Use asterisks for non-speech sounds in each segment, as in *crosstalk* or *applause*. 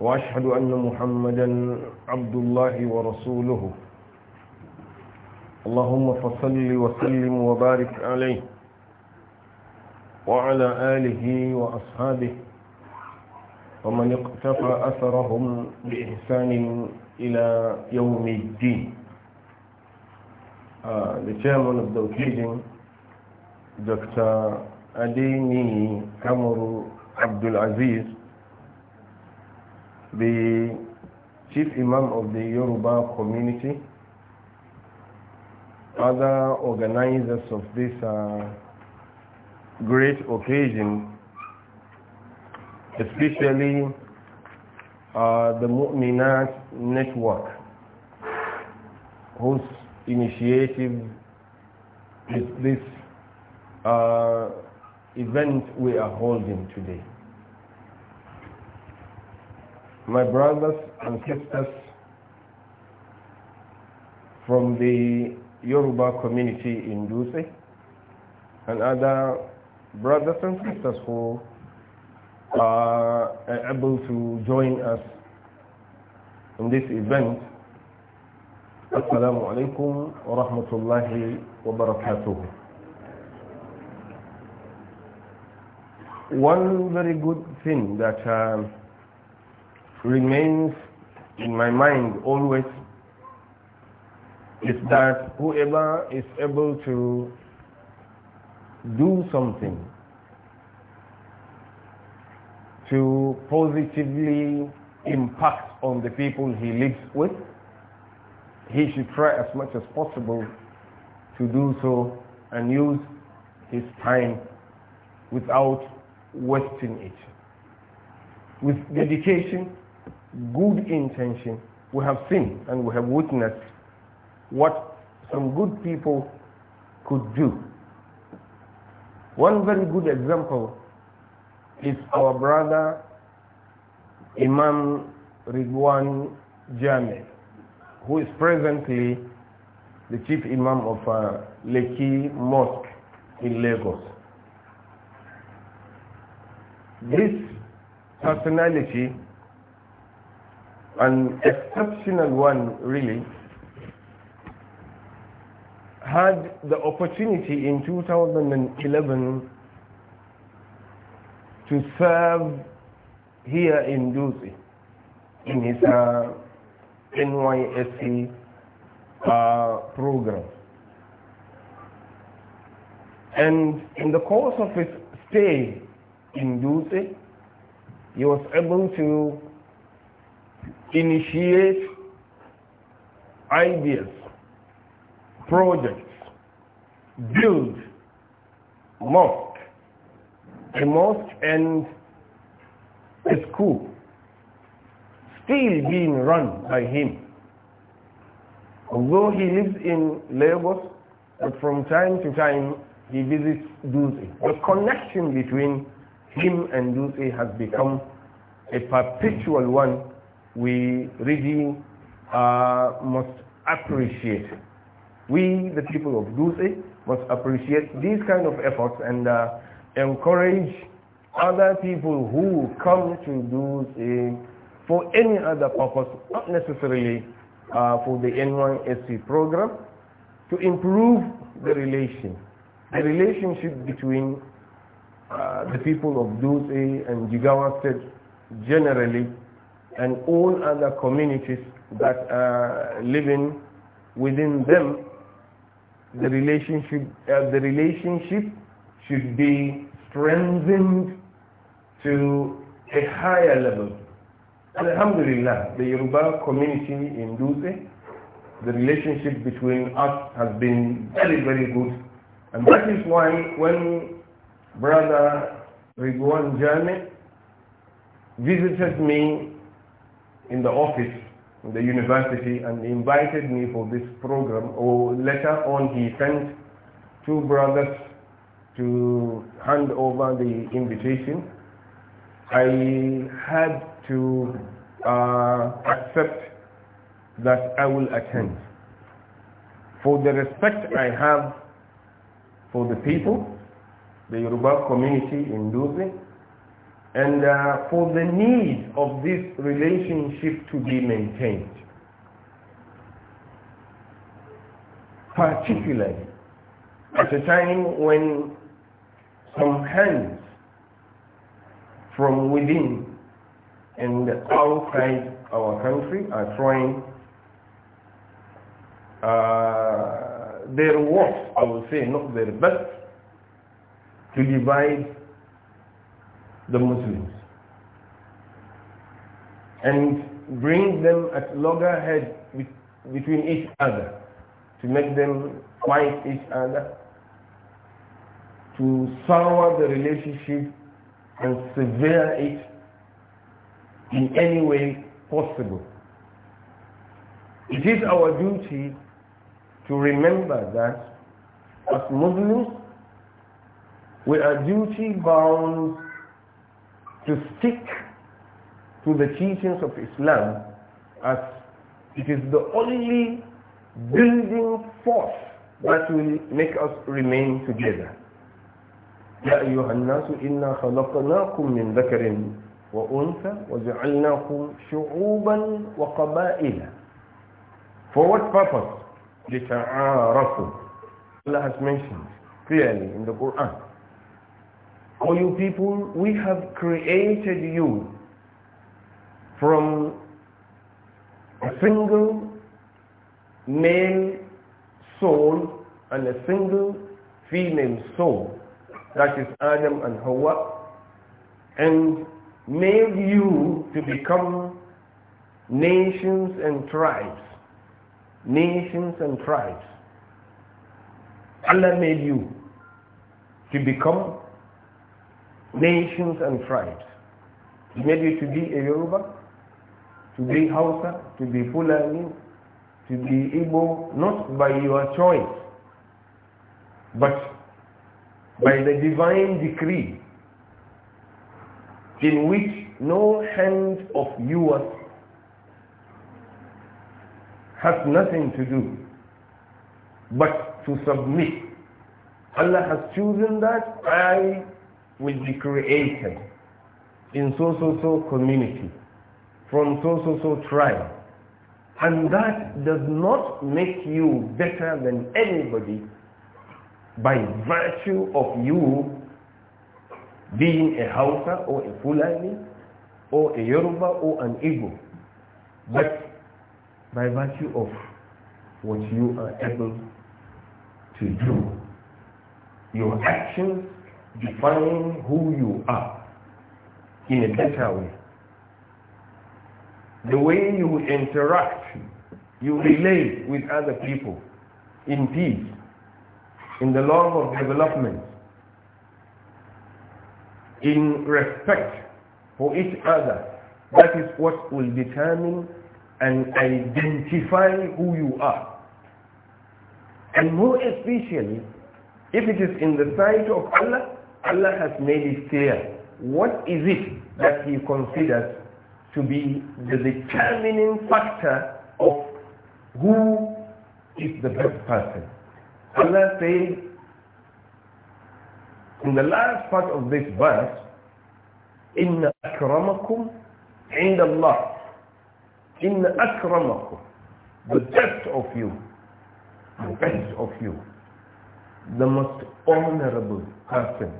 وأشهد أن محمدا عبد الله ورسوله اللهم فصل وسلم وبارك عليه وعلى آله وأصحابه ومن اقتفى أثرهم بإحسان إلى يوم الدين لتامن الدوكيج دكتور أديني كامر عبد العزيز the chief imam of the Yoruba community, other organizers of this uh, great occasion, especially uh, the Mu'minat Network, whose initiative is this uh, event we are holding today my brothers and sisters from the Yoruba community in Duse and other brothers and sisters who are uh, able to join us in this event. Assalamu alaikum wa rahmatullahi wa barakatuh. One very good thing that um, remains in my mind always is that whoever is able to do something to positively impact on the people he lives with, he should try as much as possible to do so and use his time without wasting it. With dedication, good intention, we have seen and we have witnessed what some good people could do. One very good example is our brother Imam Ridwan Jame, who is presently the chief imam of uh, Lekki Mosque in Lagos. This personality an exceptional one really, had the opportunity in 2011 to serve here in Duzi in his uh, NYSC uh, program. And in the course of his stay in Duzi, he was able to initiate ideas, projects, build mosque, a mosque and a school still being run by him. Although he lives in Lagos, but from time to time he visits Dutse. The connection between him and Dutse has become a perpetual one we really uh, must appreciate. We, the people of Duse, must appreciate these kind of efforts and uh, encourage other people who come to Duse for any other purpose, not necessarily uh, for the N1SC program, to improve the relation, the relationship between uh, the people of Duse and Jigawa State generally and all other communities that are living within them, the relationship, uh, the relationship should be strengthened to a higher level. Alhamdulillah, the Yoruba community in Duse, the relationship between us has been very, very good. And that is why when Brother Rigwan Jame visited me in the office, in the university, and invited me for this program. Or later on, he sent two brothers to hand over the invitation. I had to uh, accept that I will attend. For the respect I have for the people, the Yoruba community in Dublin, and uh, for the need of this relationship to be maintained. Particularly at a time when some hands from within and outside our country are trying uh, their worst, I would say, not their best, to divide the Muslims and bring them at loggerhead between each other to make them fight each other, to sour the relationship and sever it in any way possible. It is our duty to remember that as Muslims, we are duty bound to stick to the teachings of Islam as it is the only building force that will make us remain together. يا أيها الناس إنا خلقناكم من ذكر وأنثى وجعلناكم شعوبا وقبائل For what purpose? لتعارفوا Allah has mentioned clearly in the Quran O oh, you people, we have created you from a single male soul and a single female soul, that is Adam and Hawa, and made you to become nations and tribes. Nations and tribes. Allah made you to become nations and tribes. He made you to be a Yoruba, to be Hausa, to be Fulani, to be Igbo, not by your choice, but by the divine decree in which no hand of yours has nothing to do but to submit. Allah has chosen that I will be created in so so so community from so so so tribe and that does not make you better than anybody by virtue of you being a Hausa or a Fulani or a Yoruba or an Igbo but by virtue of what you are able to do your actions define who you are in a better way. The way you interact, you relate with other people in peace, in the love of development, in respect for each other. That is what will determine and identify who you are. And more especially, if it is in the sight of Allah, Allah has made it clear what is it that he considers to be the determining factor of who is the best person. Allah says in the last part of this verse, Inna akramakum عِنْدَ Allah inna akramakum, The best of you, the best of you, the most honorable person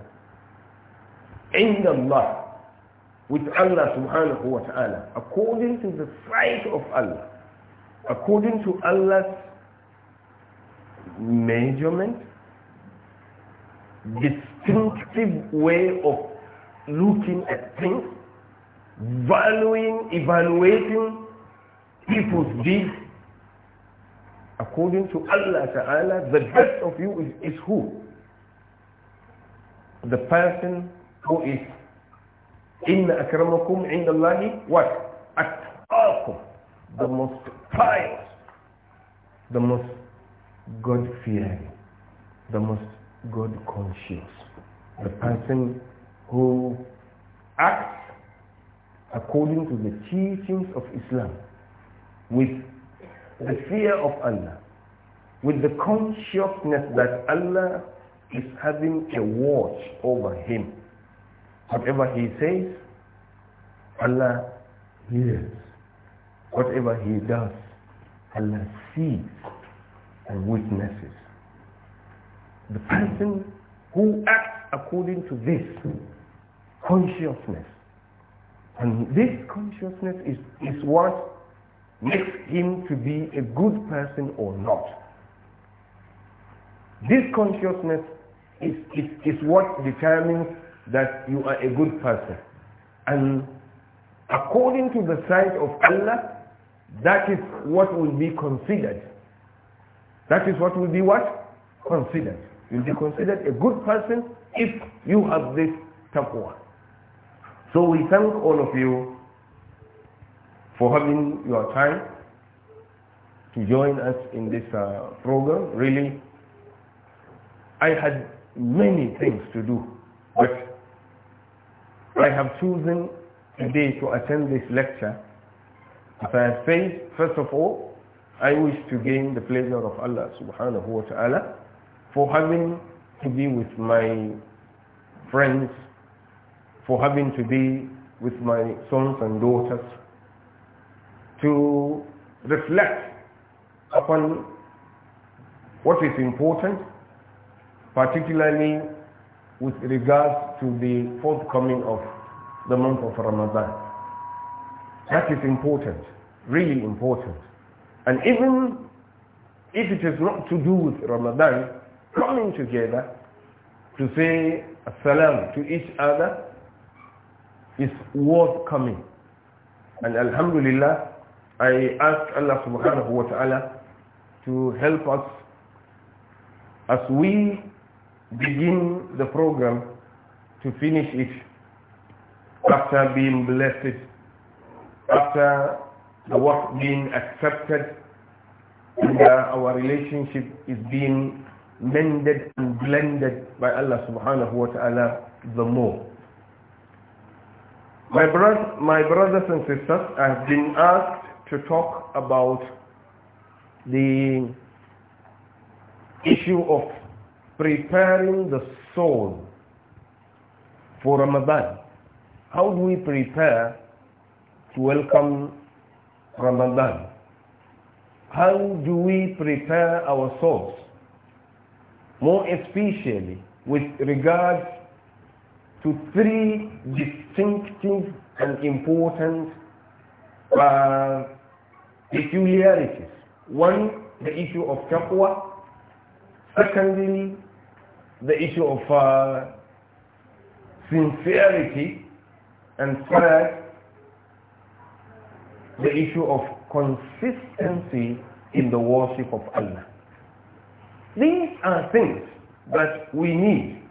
عند الله with Allah subhanahu wa ta'ala according to the sight of Allah according to Allah's measurement distinctive way of looking at things valuing evaluating people's deeds according to Allah ta'ala the best of you is, is who the person who is inna akramakum indallahi what atqakum the most pious the most god fearing the most god conscious the person who acts according to the teachings of islam with the fear of allah with the consciousness that allah is having a watch over him Whatever he says, Allah hears. Whatever he does, Allah sees and witnesses. The person who acts according to this consciousness, and this consciousness is, is what makes him to be a good person or not. This consciousness is, is, is what determines that you are a good person. And according to the sight of Allah, that is what will be considered. That is what will be what? Considered. You'll be considered a good person if you have this taqwa. So we thank all of you for having your time to join us in this uh, program. Really, I had many things to do, but I have chosen today to attend this lecture. As I have said, first of all, I wish to gain the pleasure of Allah subhanahu wa ta'ala for having to be with my friends, for having to be with my sons and daughters, to reflect upon what is important, particularly with regards to the forthcoming of the month of Ramadan. That is important, really important. And even if it is not to do with Ramadan, coming together to say salam to each other is worth coming. And Alhamdulillah, I ask Allah subhanahu wa ta'ala to help us as we begin the program to finish it after being blessed, after the work being accepted and uh, our relationship is being mended and blended by Allah subhanahu wa ta'ala the more. My, bro my brothers and sisters, I have been asked to talk about the issue of preparing the soul for Ramadan. How do we prepare to welcome Ramadan? How do we prepare our souls? More especially with regards to three distinctive and important uh, peculiarities. One, the issue of taqwa. Secondly, the issue of uh, sincerity and third, the issue of consistency in the worship of Allah. These are things that we need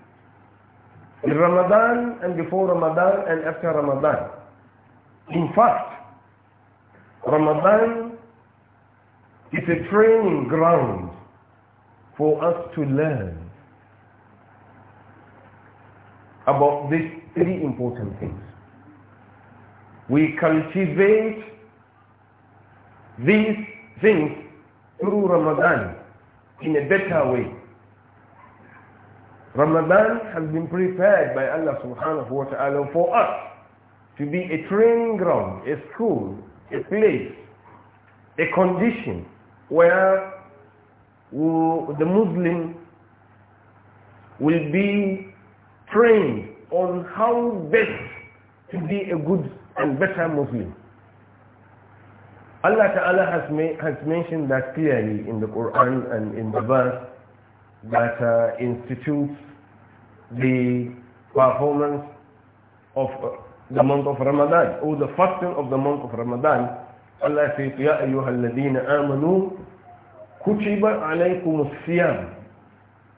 in Ramadan and before Ramadan and after Ramadan. In fact, Ramadan is a training ground for us to learn about these three important things. We cultivate these things through Ramadan in a better way. Ramadan has been prepared by Allah subhanahu wa ta'ala for us to be a training ground, a school, a place, a condition where the Muslim will be trained on how best to be a good and better Muslim. Allah Ta'ala has, has mentioned that clearly in the Quran and in the verse that uh, institutes the performance of uh, the month of Ramadan or the fasting of the month of Ramadan. Allah says, يَا أَيُّهَا الَّذِينَ آمَنُوا كُتِبَ عَلَيْكُمُ الصِّيَامُ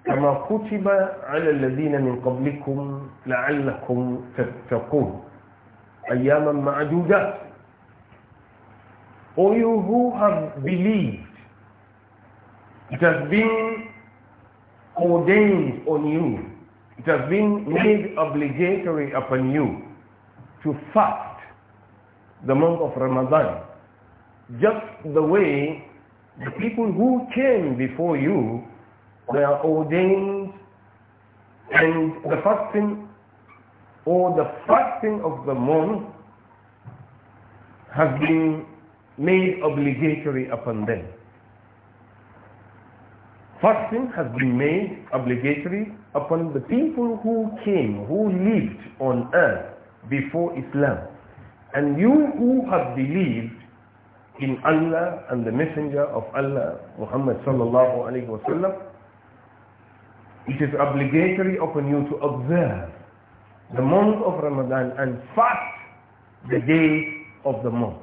كما كتب على الذين من قبلكم لعلكم تتقون أياما معدودة All you who have believed it has been ordained on you it has been made obligatory upon you to fast the month of Ramadan just the way the people who came before you They are ordained and the fasting or the fasting of the month has been made obligatory upon them. Fasting has been made obligatory upon the people who came, who lived on earth before Islam. And you who have believed in Allah and the Messenger of Allah, Muhammad sallallahu alayhi wa sallam, it is obligatory upon you to observe the month of Ramadan and fast the days of the month.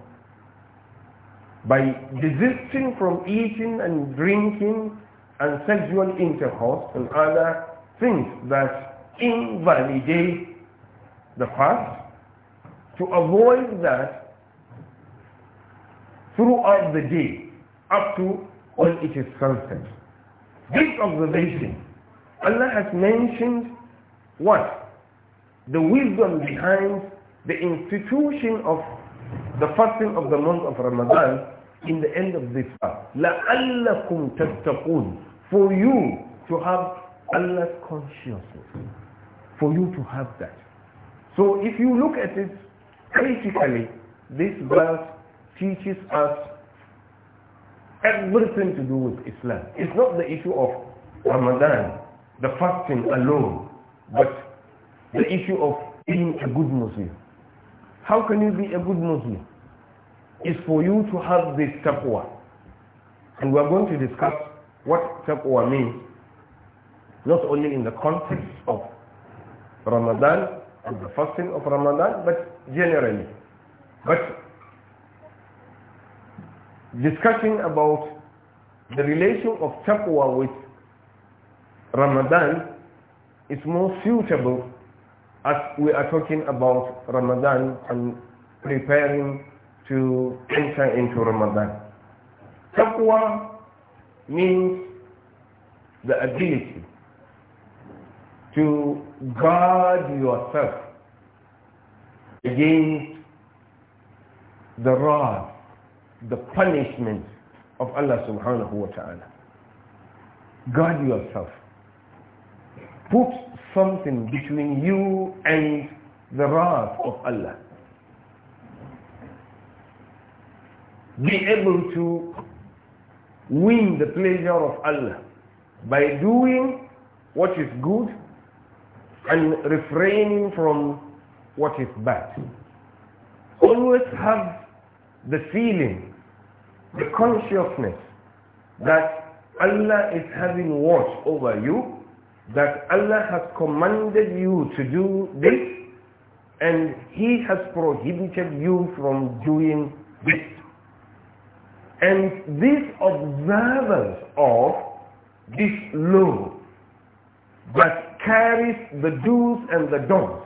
By desisting from eating and drinking and sexual intercourse and other things that invalidate the fast, to avoid that throughout the day up to when it is sunset. This observation Allah has mentioned what? The wisdom behind the institution of the fasting of the month of Ramadan in the end of this hour. لَعَلَّكُمْ تَتَّقُونَ For you to have Allah's consciousness. For you to have that. So if you look at it critically, this verse teaches us everything to do with Islam. It's not the issue of Ramadan the fasting alone, but the issue of being a good Muslim. How can you be a good Muslim? It's for you to have this taqwa. And we're going to discuss what taqwa means, not only in the context of Ramadan and the fasting of Ramadan, but generally. But discussing about the relation of taqwa with Ramadan is more suitable as we are talking about Ramadan and preparing to enter into Ramadan. Taqwa means the ability to guard yourself against the wrath, the punishment of Allah subhanahu wa ta'ala. Guard yourself put something between you and the wrath of Allah. Be able to win the pleasure of Allah by doing what is good and refraining from what is bad. Always have the feeling, the consciousness that Allah is having watch over you that Allah has commanded you to do this and he has prohibited you from doing this. And this observance of this law that carries the do's and the don'ts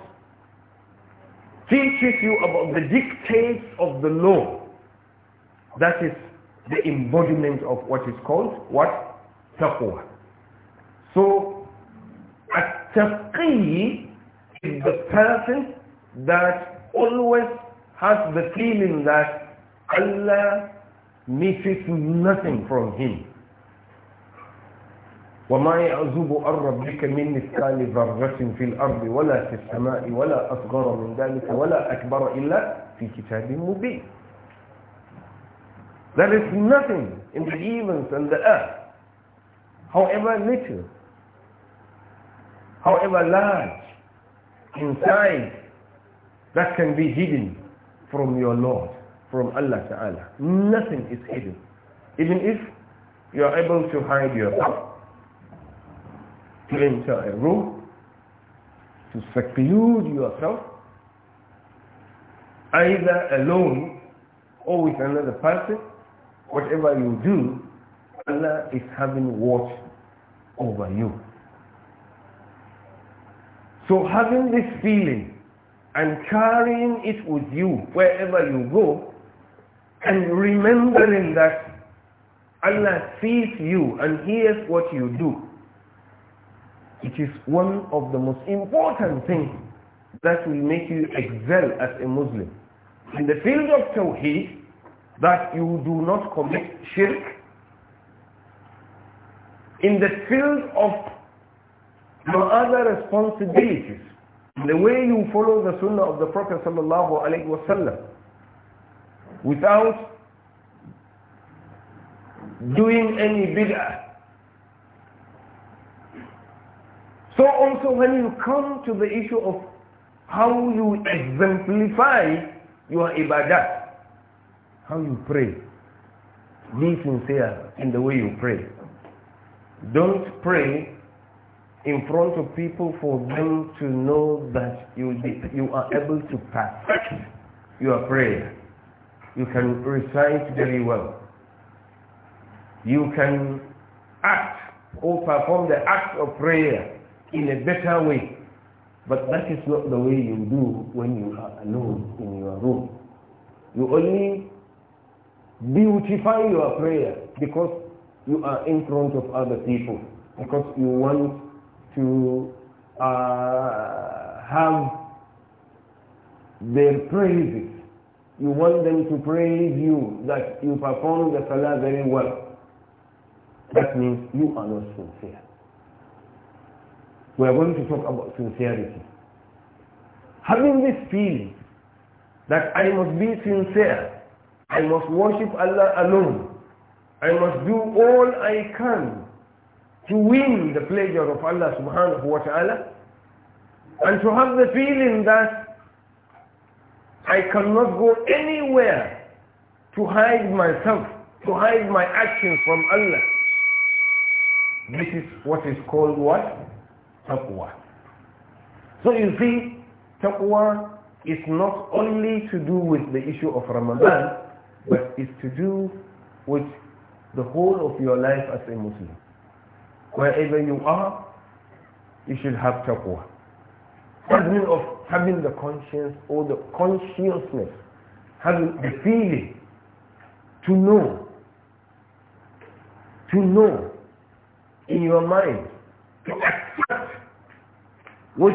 teaches you about the dictates of the law. That is the embodiment of what is called what? Taqwa. So Taqi is the person that always has the feeling that Allah misses nothing from him. وما يعزب عن ربك من مثقال ذرة في الأرض ولا في السماء ولا أصغر من ذلك ولا أكبر إلا في كتاب مبين There is nothing in the heavens and the earth, however little, however large inside that can be hidden from your Lord, from Allah Ta'ala. Nothing is hidden. Even if you are able to hide yourself, to enter a room, to seclude yourself, either alone or with another person, whatever you do, Allah is having watch over you. So having this feeling and carrying it with you wherever you go and remembering that Allah sees you and hears what you do, it is one of the most important things that will make you excel as a Muslim. In the field of Tawheed, that you do not commit shirk. In the field of your other responsibilities, the way you follow the sunnah of the Prophet sallallahu alaihi wasallam, without doing any bid'ah. So also when you come to the issue of how you exemplify your ibadah, how you pray, be sincere in the way you pray. Don't pray in front of people for them to know that you, you are able to perfect your prayer. You can recite very well. You can act or perform the act of prayer in a better way. But that is not the way you do when you are alone in your room. You only beautify your prayer because you are in front of other people, because you want to uh, have their praises. You want them to praise you that you perform the salah very well. That means you are not sincere. We are going to talk about sincerity. Having this feeling that I must be sincere, I must worship Allah alone, I must do all I can to win the pleasure of Allah subhanahu wa ta'ala and to have the feeling that I cannot go anywhere to hide myself, to hide my actions from Allah. This is what is called what? Taqwa. So you see, taqwa is not only to do with the issue of Ramadan, but it's to do with the whole of your life as a Muslim wherever you are, you should have taqwa. That means of having the conscience or the consciousness, having the feeling to know, to know in your mind, to accept with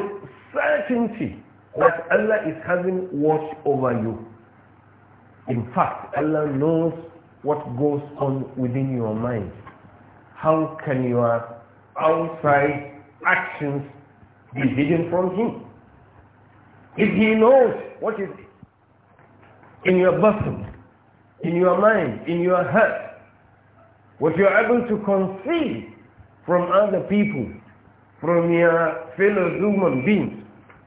certainty that Allah is having watch over you. In fact, Allah knows what goes on within your mind how can your outside actions be hidden from him? If he knows what is in your bosom, in your mind, in your heart, what you're able to conceal from other people, from your fellow human beings,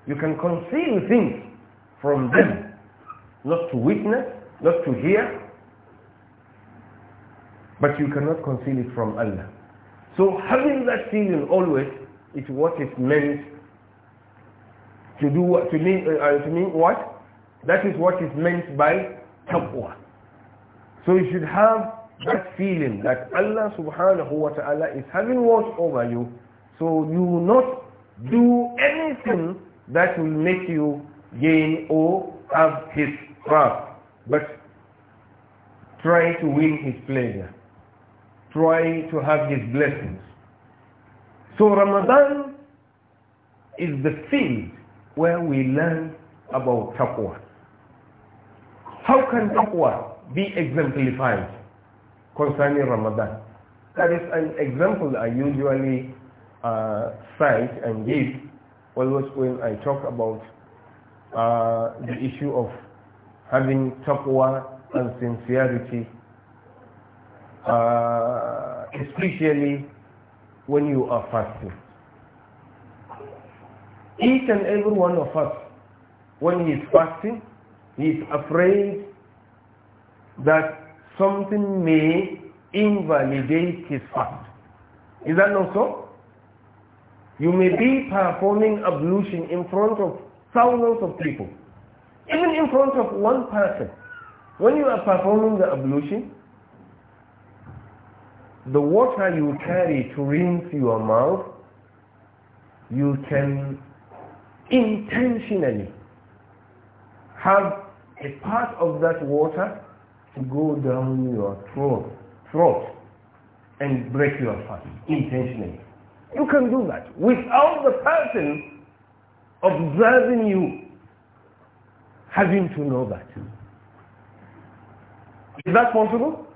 you can conceal things from them, not to witness, not to hear, but you cannot conceal it from Allah. So having that feeling always is what is meant to do what to mean, uh, uh, to mean what? That is what is meant by taqwa. So you should have that feeling that Allah subhanahu wa ta'ala is having watch over you. So you will not do anything that will make you gain or have his wrath, but try to win his pleasure try to have his blessings. So Ramadan is the field where we learn about taqwa. How can taqwa be exemplified concerning Ramadan? That is an example I usually uh, cite and give always when I talk about uh, the issue of having taqwa and sincerity uh, especially when you are fasting. Each and every one of us, when he is fasting, he is afraid that something may invalidate his fast. Is that not so? You may be performing ablution in front of thousands of people, even in front of one person. When you are performing the ablution, the water you carry to rinse your mouth, you can intentionally have a part of that water to go down your throat, throat and break your fast intentionally. You can do that without the person observing you having to know that. Is that possible?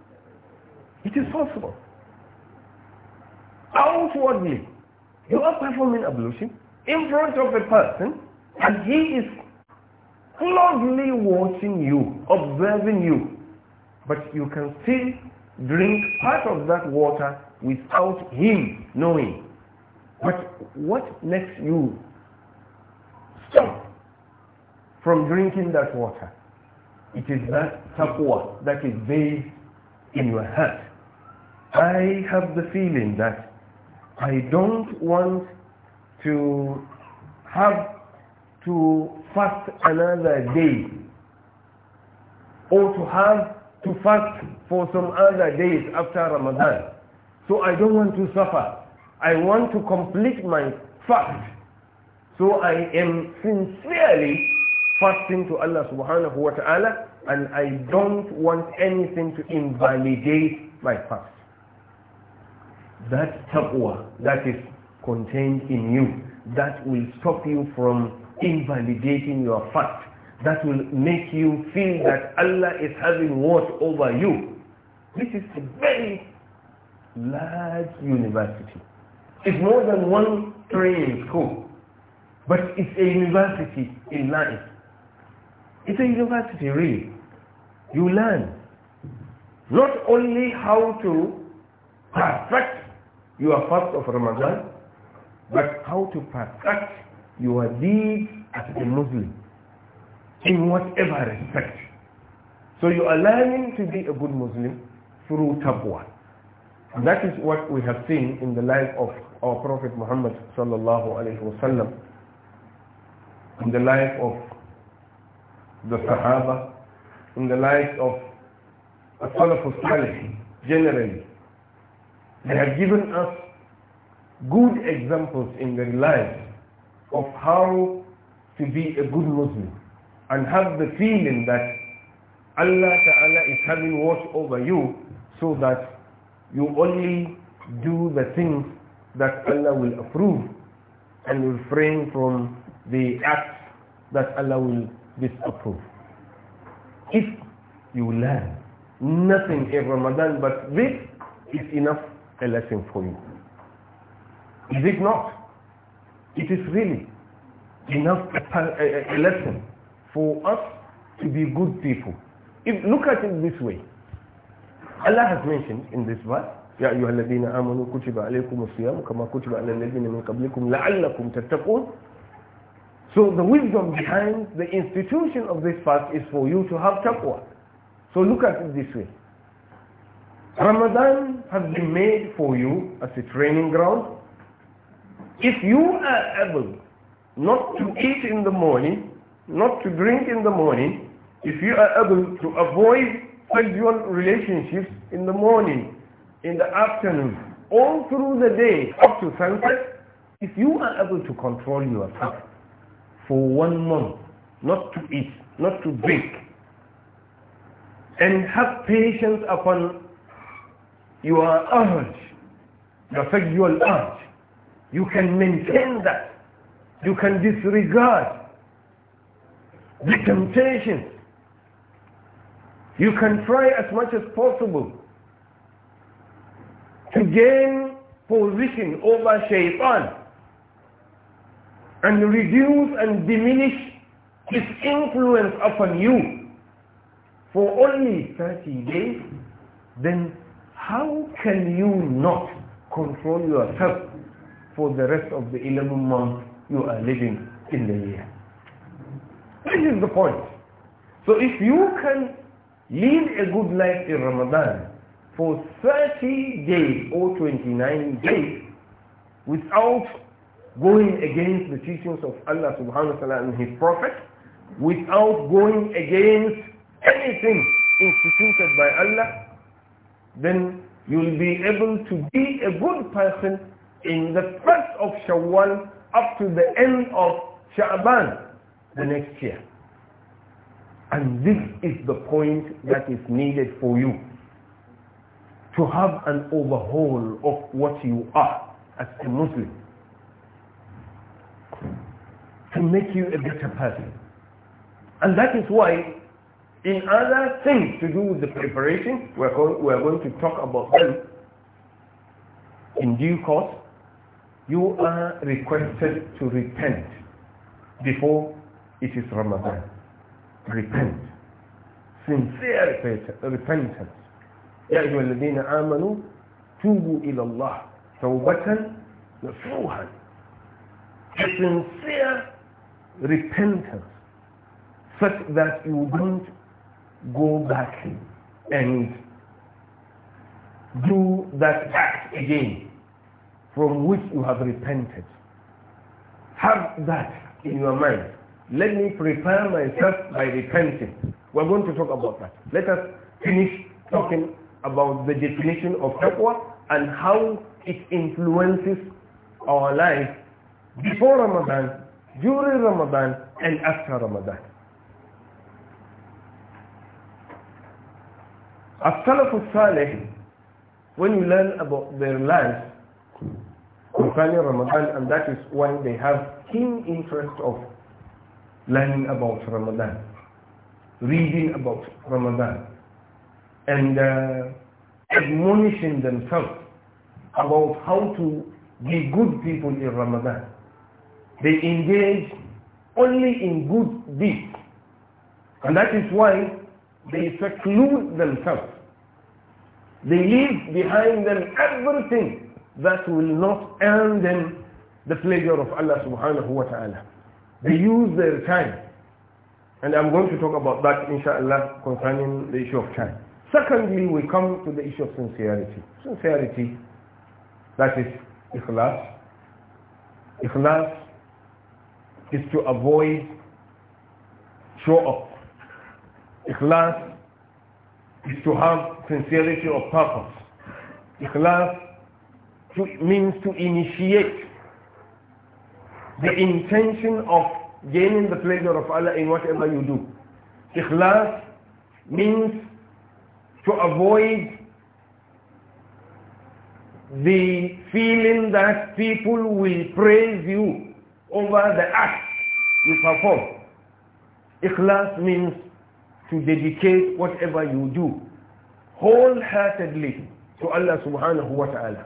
It is possible outwardly. You are performing ablution in front of a person and he is closely watching you, observing you. But you can still drink part of that water without him knowing. But what makes you stop from drinking that water? It is that taqwa that is based in your heart. I have the feeling that I don't want to have to fast another day or to have to fast for some other days after Ramadan. So I don't want to suffer. I want to complete my fast. So I am sincerely fasting to Allah subhanahu wa ta'ala and I don't want anything to invalidate my fast that taqwa that is contained in you that will stop you from invalidating your fact that will make you feel that Allah is having watch over you this is a very large university it's more than one training school but it's a university in life it's a university really you learn not only how to perfect you are fast of Ramadan, but how to perfect your deed as a Muslim in whatever respect. So you are learning to be a good Muslim through taqwa. And that is what we have seen in the life of our Prophet Muhammad sallallahu alaihi wasallam, in the life of the Sahaba, in the life of a of Salih generally. They have given us good examples in their lives of how to be a good Muslim and have the feeling that Allah Ta'ala is having watch over you so that you only do the things that Allah will approve and refrain from the acts that Allah will disapprove. If you learn nothing in Ramadan but this is enough a lesson for you. Is it not? It is really enough a, a lesson for us to be good people. If, look at it this way. Allah has mentioned in this verse, يا أيها الذين آمنوا كتب عليكم الصيام كما كتب على الذين من قبلكم لعلكم تتقون So the wisdom behind the institution of this fast is for you to have taqwa. So look at it this way. Ramadan has been made for you as a training ground. If you are able not to eat in the morning, not to drink in the morning, if you are able to avoid sexual relationships in the morning, in the afternoon, all through the day up to sunset, if you are able to control yourself for one month, not to eat, not to drink, and have patience upon you are urge, your sexual urge. You can maintain that. You can disregard the temptations. You can try as much as possible to gain position over shaitan and reduce and diminish his influence upon you for only 30 days, then how can you not control yourself for the rest of the 11 months you are living in the year? This is the point. So if you can lead a good life in Ramadan for 30 days or 29 days without going against the teachings of Allah subhanahu wa ta'ala and his prophet, without going against anything instituted by Allah, then you'll be able to be a good person in the first of Shawwal up to the end of Sha'ban the next year. And this is the point that is needed for you to have an overhaul of what you are as a Muslim to make you a better person. And that is why in other things to do with the preparation, we're going, we're going to talk about them in due course. You are requested to repent before it is Ramadan. Repent. Sincere repentance. يا أيها الذين آمنوا توبوا إلى الله توبة A sincere repentance such that you don't go back and do that act again from which you have repented. Have that in your mind. Let me prepare myself by repenting. We're going to talk about that. Let us finish talking about the definition of taqwa and how it influences our life before Ramadan, during Ramadan, and after Ramadan. As-Salafus Salih, when you learn about their lives concerning Ramadan, and that is why they have keen interest of learning about Ramadan, reading about Ramadan, and uh, admonishing themselves about how to be good people in Ramadan. They engage only in good deeds. And that is why they seclude themselves. They leave behind them everything that will not earn them the pleasure of Allah subhanahu wa ta'ala. They use their time. And I'm going to talk about that inshallah concerning the issue of time. Secondly, we come to the issue of sincerity. Sincerity, that is ikhlas. Ikhlas is to avoid show-off. Ikhlas is to have sincerity of purpose. Ikhlas to, means to initiate the intention of gaining the pleasure of Allah in whatever you do. Ikhlas means to avoid the feeling that people will praise you over the act you perform. Ikhlas means to dedicate whatever you do wholeheartedly to Allah subhanahu wa ta'ala.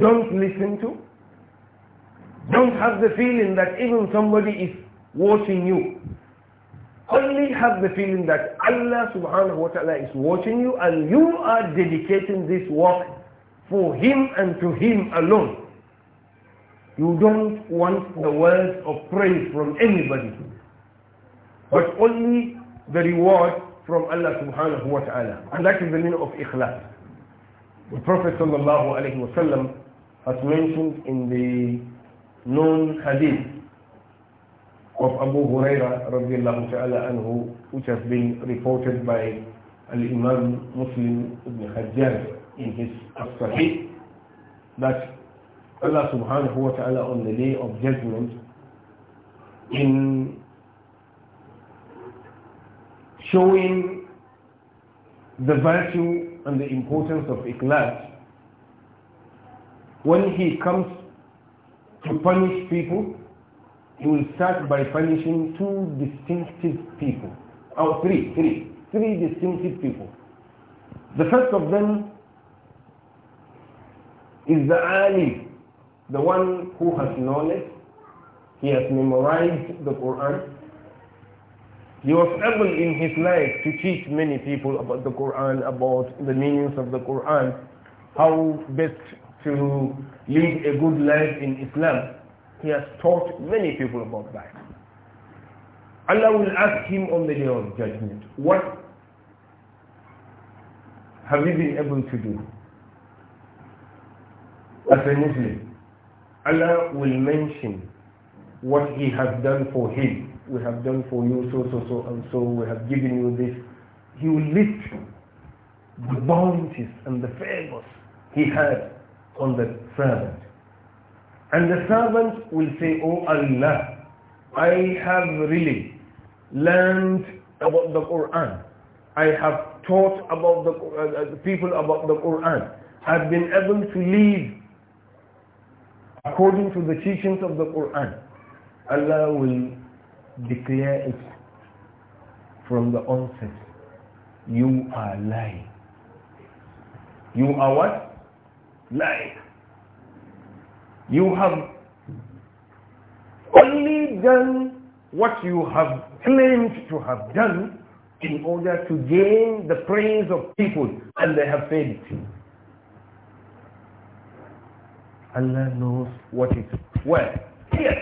Don't listen to, don't have the feeling that even somebody is watching you. Only have the feeling that Allah subhanahu wa ta'ala is watching you and you are dedicating this work for Him and to Him alone. You don't want the words of praise from anybody, but only the reward from Allah subhanahu wa ta'ala. And that is the meaning of ikhlas. The Prophet sallallahu alayhi wa sallam has mentioned in the known hadith of Abu Huraira radiallahu ta'ala anhu, which has been reported by Al-Imam Muslim ibn Hajjaj in his As-Sahih, that Allah subhanahu wa ta'ala on the day of judgment in showing the virtue and the importance of ikhlas, when he comes to punish people, he will start by punishing two distinctive people. or oh, three, three, three distinctive people. The first of them is the Ali, the one who has knowledge, he has memorized the Quran, he was able in his life to teach many people about the Quran, about the meanings of the Quran, how best to live a good life in Islam. He has taught many people about that. Allah will ask him on the day of judgment, what have you been able to do as a Muslim? Allah will mention what he has done for him we have done for you so, so, so, and so, we have given you this. He will list the bounties and the favors he had on the servant. And the servant will say, Oh Allah, I have really learned about the Quran. I have taught about the, uh, the people about the Quran. I've been able to live according to the teachings of the Quran. Allah will declare it from the onset. You are lying. You are what? Lying. You have only done what you have claimed to have done in order to gain the praise of people and they have failed. Allah knows what is Where? Here,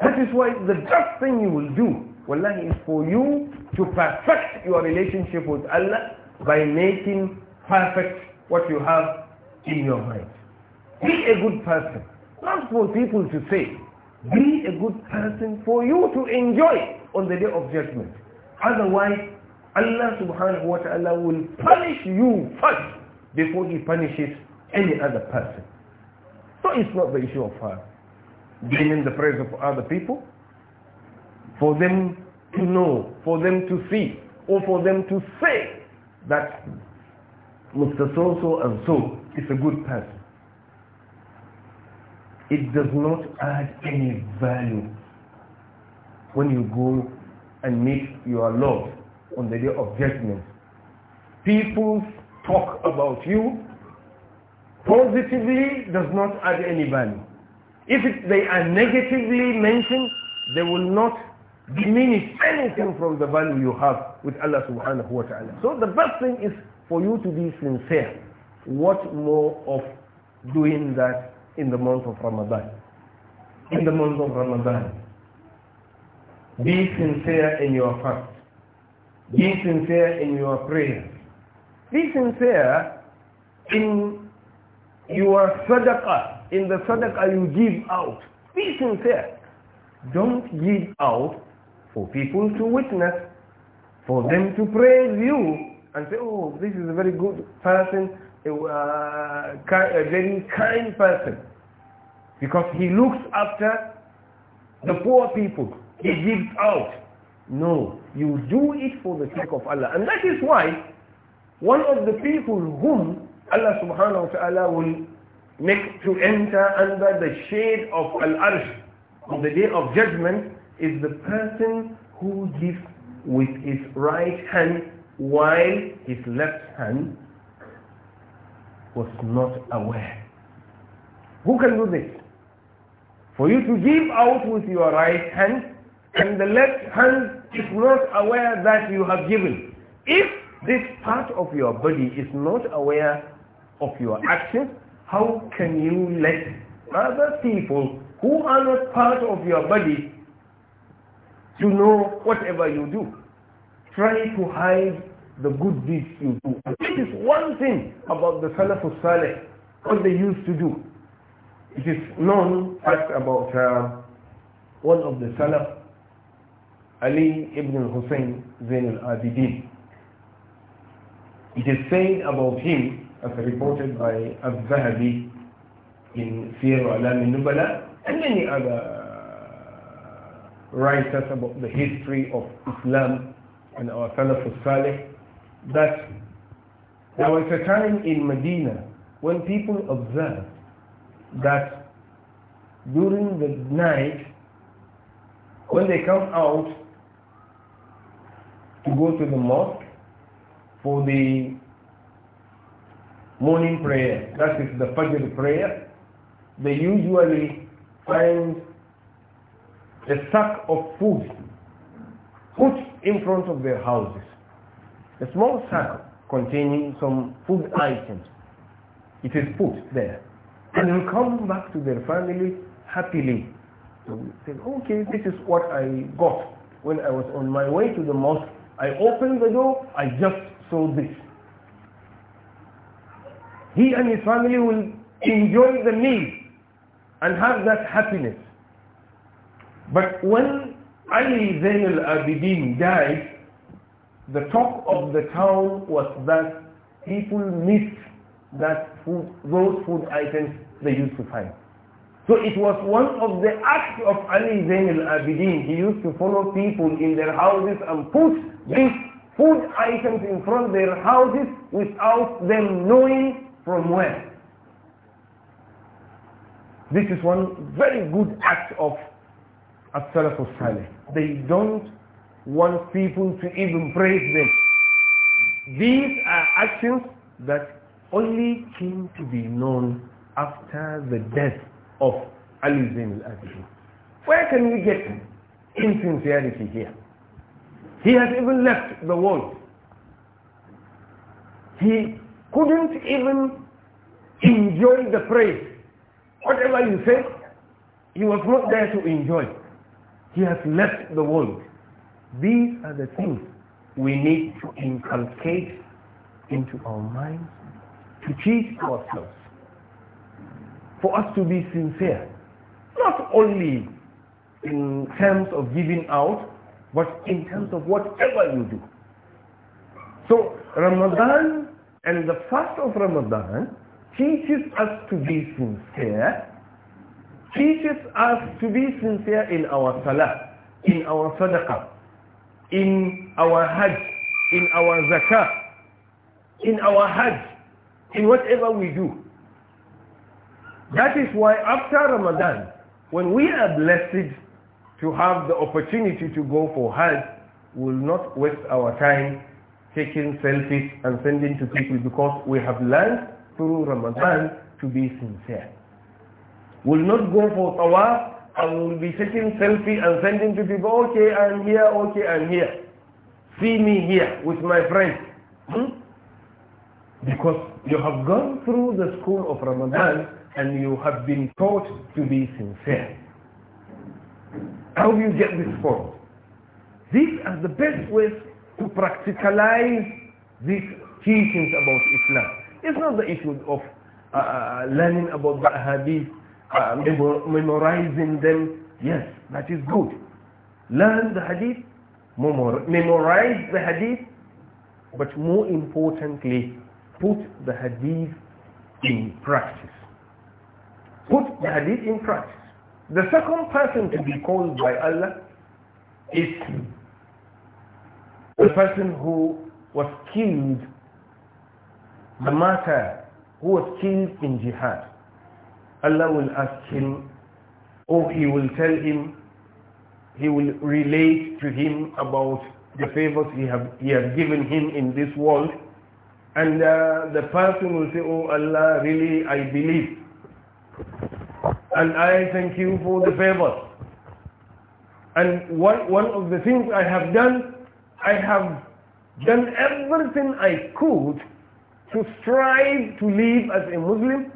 that is why the best thing you will do, wallahi, is for you to perfect your relationship with Allah by making perfect what you have in your mind. Be a good person. Not for people to say. Be a good person for you to enjoy on the day of judgment. Otherwise, Allah subhanahu wa ta'ala will punish you first before he punishes any other person. So it's not the issue of her. Giving the praise of other people, for them to know, for them to see, or for them to say that Mr. So-so and so is a good person. It does not add any value when you go and meet your Lord on the day of judgment. People talk about you positively does not add any value. If it, they are negatively mentioned, they will not diminish anything from the value you have with Allah subhanahu wa ta'ala. So the best thing is for you to be sincere. What more of doing that in the month of Ramadan? In the month of Ramadan. Be sincere in your fast. Be sincere in your prayers. Be sincere in your sadaqah in the sadaqah you give out. Be sincere. Don't give out for people to witness, for them to praise you and say, oh, this is a very good person, a, uh, a very kind person. Because he looks after the poor people. He gives out. No, you do it for the sake of Allah. And that is why one of the people whom Allah subhanahu wa ta'ala will make to enter under the shade of Al-Arsh on the day of judgment is the person who gives with his right hand while his left hand was not aware. Who can do this? For you to give out with your right hand and the left hand is not aware that you have given. If this part of your body is not aware of your actions, how can you let other people who are not part of your body to know whatever you do? Try to hide the good deeds you do. This is one thing about the Salafus Saleh, what they used to do. It is known fact about uh, one of the Salaf, Ali ibn Hussein Zain al-Abidin. It is said about him as reported by Al-Zahabi in Sir Alam Nubala and many other writers about the history of Islam and our Salaf al that there was a time in Medina when people observed that during the night when they come out to go to the mosque for the morning prayer, that is the Fajr prayer, they usually find a sack of food put in front of their houses. A small sack containing some food items. It is put there. And they'll come back to their family happily. So say, okay, this is what I got. When I was on my way to the mosque, I opened the door, I just saw this he and his family will enjoy the meal and have that happiness. But when Ali Zain al-Abidin died, the talk of the town was that people missed that food, those food items they used to find. So it was one of the acts of Ali Zain al-Abidin. He used to follow people in their houses and put these food items in front of their houses without them knowing from where? This is one very good act of As-Salafu Salih. They don't want people to even praise them. These are actions that only came to be known after the death of Ali Zain al azim Where can we get insincerity here? He has even left the world. He couldn't even enjoy the praise. Whatever you say, he was not there to enjoy. He has left the world. These are the things we need to inculcate into our minds to teach ourselves. For us to be sincere, not only in terms of giving out, but in terms of whatever you do. So Ramadan and the fast of Ramadan teaches us to be sincere, teaches us to be sincere in our salah, in our sadaqah, in our hajj, in our zakah, in our hajj, in whatever we do. That is why after Ramadan, when we are blessed to have the opportunity to go for Hajj, we will not waste our time taking selfies and sending to people because we have learned through Ramadan to be sincere. We'll not go for tawaf and we'll be taking selfie and sending to people, okay, I'm here, okay, I'm here. See me here with my friends. Hmm? Because you have gone through the school of Ramadan and you have been taught to be sincere. How do you get this form? These are the best ways to practicalize these teachings about Islam. It's not the issue of uh, uh learning about the hadith, uh, memorizing them. Yes, that is good. Learn the hadith, memorize the hadith, but more importantly, put the hadith in practice. Put the hadith in practice. The second person to be called by Allah is the person who was killed, the martyr who was killed in jihad, Allah will ask him, or he will tell him, he will relate to him about the favors he, have, he has given him in this world. And uh, the person will say, oh Allah, really, I believe. And I thank you for the favors. And one, one of the things I have done I have done everything I could to strive to live as a Muslim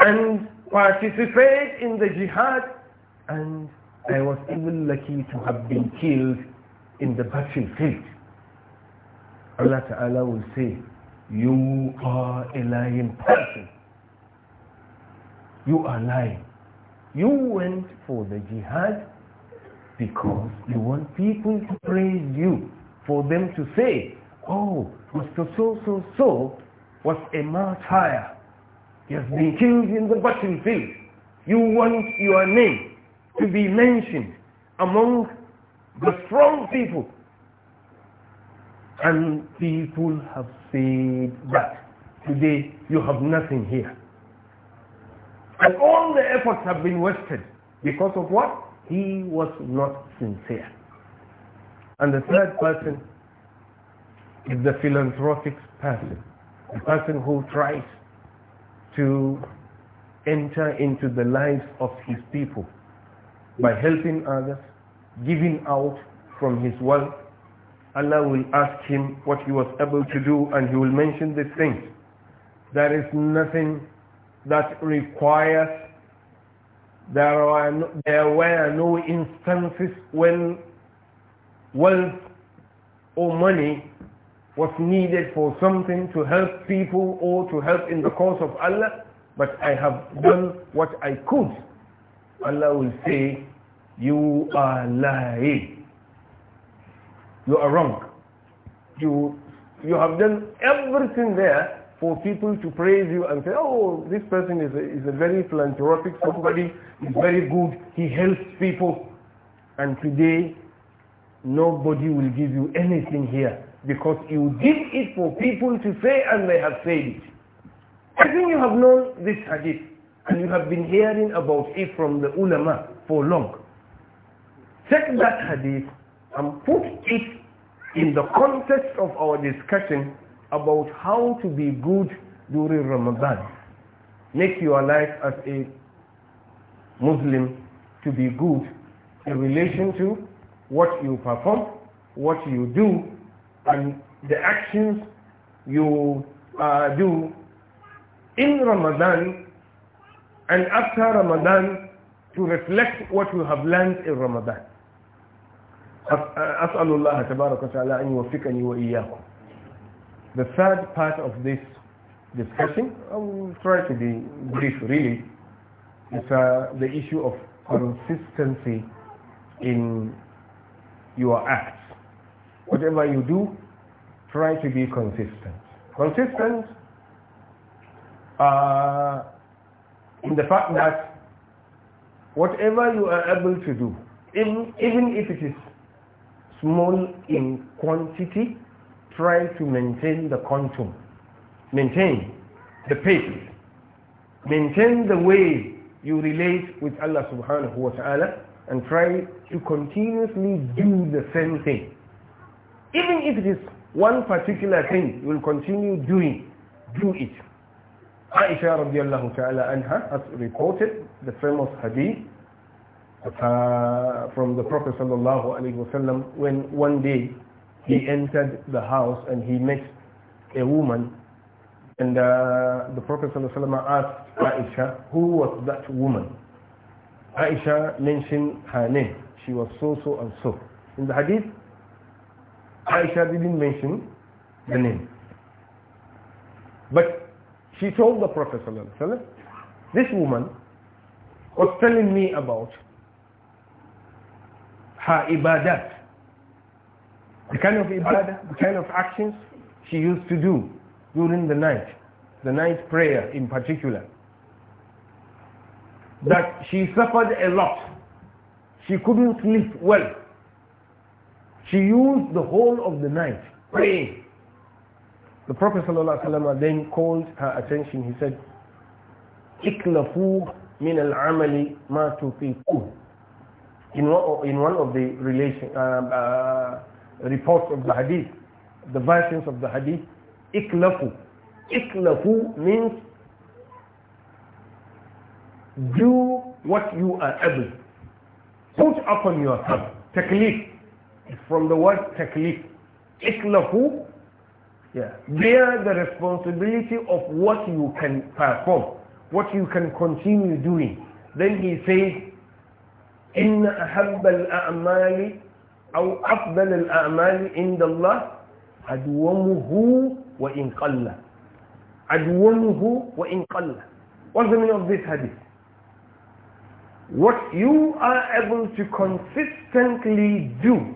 and participate in the jihad and I was even lucky to have been killed in the battlefield. Allah Ta'ala will say, you are a lying person. You are lying. You went for the jihad because you want people to praise you for them to say, oh, Mr. So-so-so was a martyr. He has been killed in the battlefield. You want your name to be mentioned among the strong people. And people have said that. Today you have nothing here. And all the efforts have been wasted because of what? He was not sincere. And the third person is the philanthropic person, the person who tries to enter into the lives of his people by helping others, giving out from his wealth. Allah will ask him what he was able to do and he will mention these things. There is nothing that requires, there, are no, there were no instances when wealth or money was needed for something to help people or to help in the cause of Allah, but I have done what I could. Allah will say, you are lying. You are wrong. You, you have done everything there for people to praise you and say, oh, this person is a, is a very philanthropic, somebody is very good, he helps people. And today nobody will give you anything here because you did it for people to say and they have said it. I think you have known this hadith and you have been hearing about it from the ulama for long. Take that hadith and put it in the context of our discussion about how to be good during Ramadan. Make your life as a Muslim to be good in relation to what you perform, what you do, and the actions you uh, do in Ramadan and after Ramadan to reflect what you have learned in Ramadan. أسأل الله تبارك وتعالى أن يوفقني وإياكم. The third part of this discussion, I will try to be brief really, is uh, the issue of consistency in your acts. Whatever you do, try to be consistent. Consistent uh, in the fact that whatever you are able to do, even, if it is small in quantity, try to maintain the quantum, maintain the pace, maintain the way you relate with Allah subhanahu wa ta'ala and try to continuously do the same thing. Even if it is one particular thing you will continue doing, do it. Aisha radiallahu ta'ala anha has reported the famous hadith uh, from the Prophet sallallahu wasallam when one day he entered the house and he met a woman and uh, the Prophet sallallahu wasallam asked Aisha who was that woman Aisha mentioned her name. She was so, so, and so. In the hadith, Aisha didn't mention the name. But she told the Prophet this woman was telling me about her ibadat, the kind of ibadah, the kind of actions she used to do during the night, the night prayer in particular that she suffered a lot. She couldn't sleep well. She used the whole of the night praying. The Prophet ﷺ then called her attention. He said, اِكْلَفُوا مِنَ الْعَمَلِ مَا تُطِيقُونَ in in one of the relation, uh, uh, reports of the hadith, the versions of the hadith, iklafu. Iklafu means do what you are able put upon yourself taklif from the word taklif iklahu yeah bear the responsibility of what you can perform what you can continue doing then he says إن أحب الأعمال أو أفضل الأعمال عند الله أدومه وإن قل أدومه وإن قل What's the meaning of this hadith? what you are able to consistently do,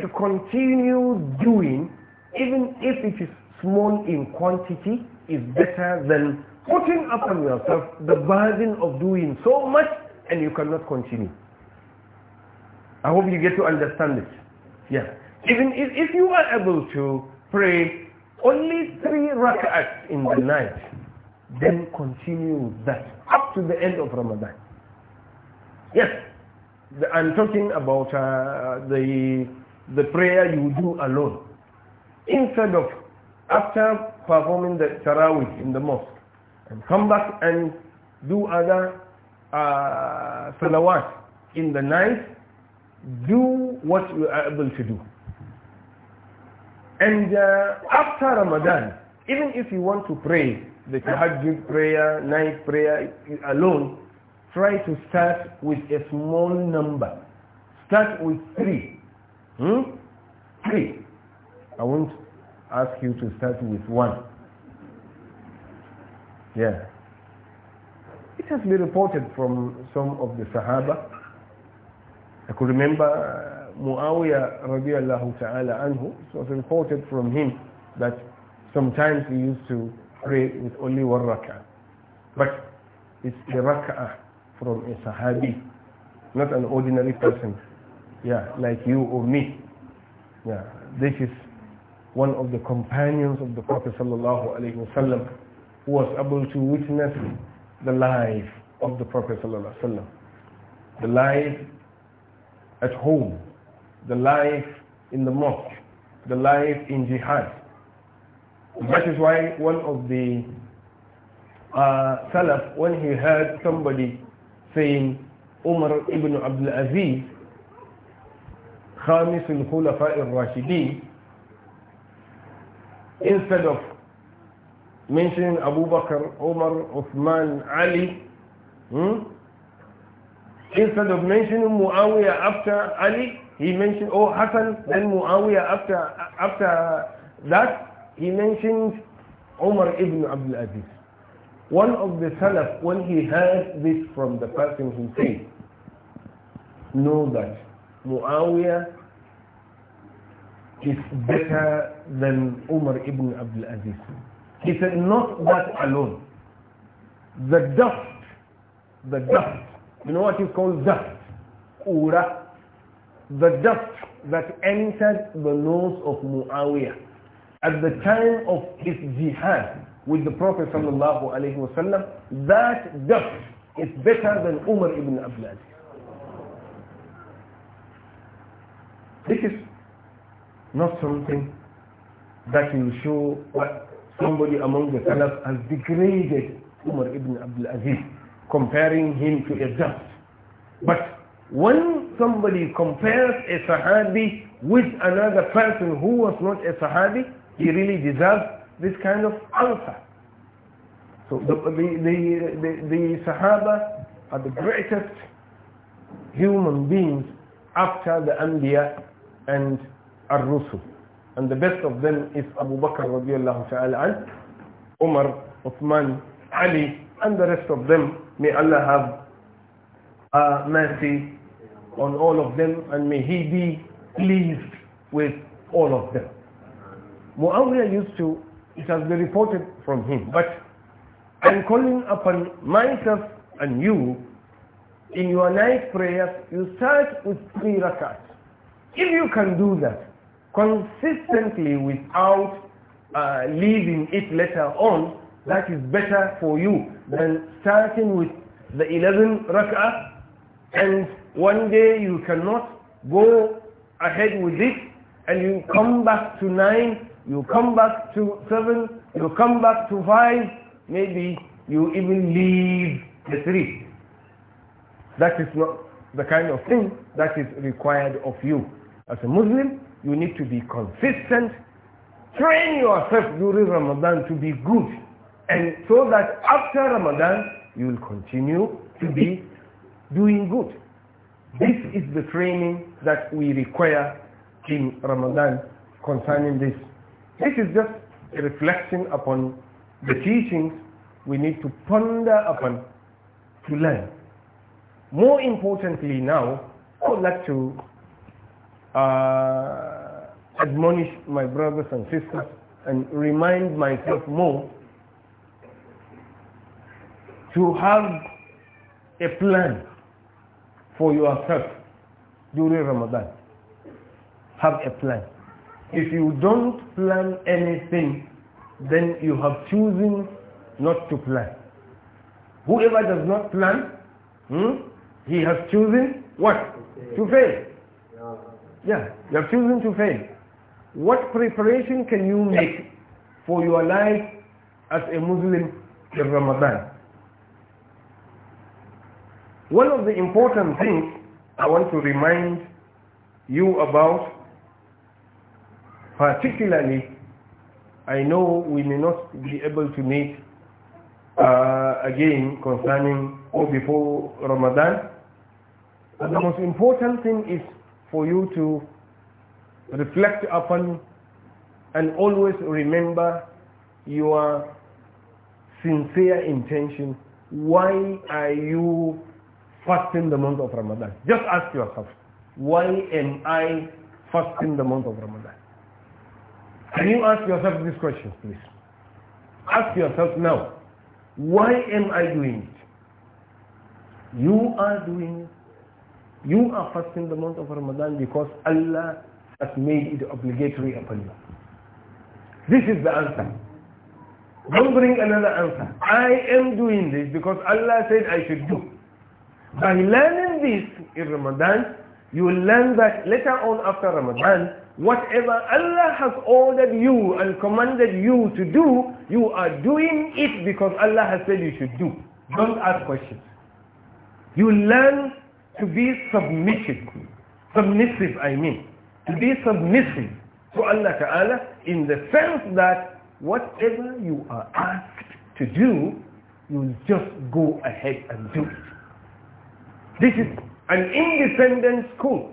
to continue doing, even if it is small in quantity, is better than putting upon yourself the burden of doing so much and you cannot continue. I hope you get to understand it. Yeah. Even if, if you are able to pray only three rak'ahs in the night, then continue that up to the end of Ramadan. Yes, I'm talking about uh, the, the prayer you do alone. Instead of after performing the tarawih in the mosque and come back and do other uh, salawat in the night, do what you are able to do. And uh, after Ramadan, even if you want to pray, the tahajjud prayer, night prayer alone, try to start with a small number. Start with three. Hmm? Three. I won't ask you to start with one. Yeah. It has been reported from some of the Sahaba. I could remember uh, Muawiyah radiallahu ta'ala anhu. It was reported from him that sometimes he used to pray with only one rak'ah. But it's the rak'ah from a Sahabi, not an ordinary person, yeah, like you or me. Yeah, this is one of the companions of the Prophet sallallahu alaihi wasallam who was able to witness the life of the Prophet sallallahu alaihi wasallam, the life at home, the life in the mosque, the life in jihad. That is why one of the uh, Salaf, when he heard somebody عمر umar عبد العزيز خامس الخلفاء الراشدين instead of mentioning Abu abubakar umar Uthman, ali hmm? instead of mentioning muawiyah after ali he mentioned oh hassan then muawiyah after after that he mentioned umar ibn Abdul Aziz. One of the Salaf, when he heard this from the person, he said, know that Muawiyah is better than Umar ibn Abdul Aziz. He said, not that alone. The dust, the dust, you know what is called dust? Ura. The dust that entered the nose of Muawiyah at the time of his jihad with the Prophet sallallahu alaihi wasallam, that dust is better than Umar ibn Abdul Aziz. This is not something that will show what somebody among the Salaf has degraded Umar ibn Abdul Aziz, comparing him to a dust. But when somebody compares a Sahabi with another person who was not a Sahabi, he really deserves this kind of alpha. So the, the, the, the, Sahaba are the greatest human beings after the Anbiya and Ar-Rusul. And the best of them is Abu Bakr radiallahu ta'ala Umar, Uthman, Ali, and the rest of them. May Allah have uh, mercy on all of them and may He be pleased with all of them. Muawiyah used to it has been reported from him. But I'm calling upon myself and you in your night prayers, you start with three rakat. If you can do that consistently without uh, leaving it later on, that is better for you than starting with the 11 rak'ah and one day you cannot go ahead with it and you come back to 9 you come back to 7, you come back to 5, maybe you even leave the 3. That is not the kind of thing that is required of you. As a Muslim, you need to be consistent. Train yourself during Ramadan to be good. And so that after Ramadan, you will continue to be doing good. This is the training that we require in Ramadan concerning this this is just a reflection upon the teachings we need to ponder upon to learn. More importantly now, I would like to uh, admonish my brothers and sisters and remind myself more to have a plan for yourself during Ramadan. Have a plan. If you don't plan anything, then you have chosen not to plan. Whoever does not plan, hmm, he has chosen what? To fail. Yeah, you have chosen to fail. What preparation can you make for your life as a Muslim in Ramadan? One of the important things I want to remind you about particularly I know we may not be able to meet uh, again concerning or before Ramadan but the most important thing is for you to reflect upon and always remember your sincere intention why are you fasting the month of Ramadan just ask yourself why am I fasting the month of Ramadan can you ask yourself these questions, please? Ask yourself now, why am I doing it? You are doing it. You are fasting the month of Ramadan because Allah has made it obligatory upon you. This is the answer. Don't bring another answer. I am doing this because Allah said I should do. By learning this in Ramadan, you will learn that later on after Ramadan, Whatever Allah has ordered you and commanded you to do, you are doing it because Allah has said you should do. Don't ask questions. You learn to be submissive. Submissive, I mean. To be submissive to Allah Ta'ala in the sense that whatever you are asked to do, you just go ahead and do it. This is an independent school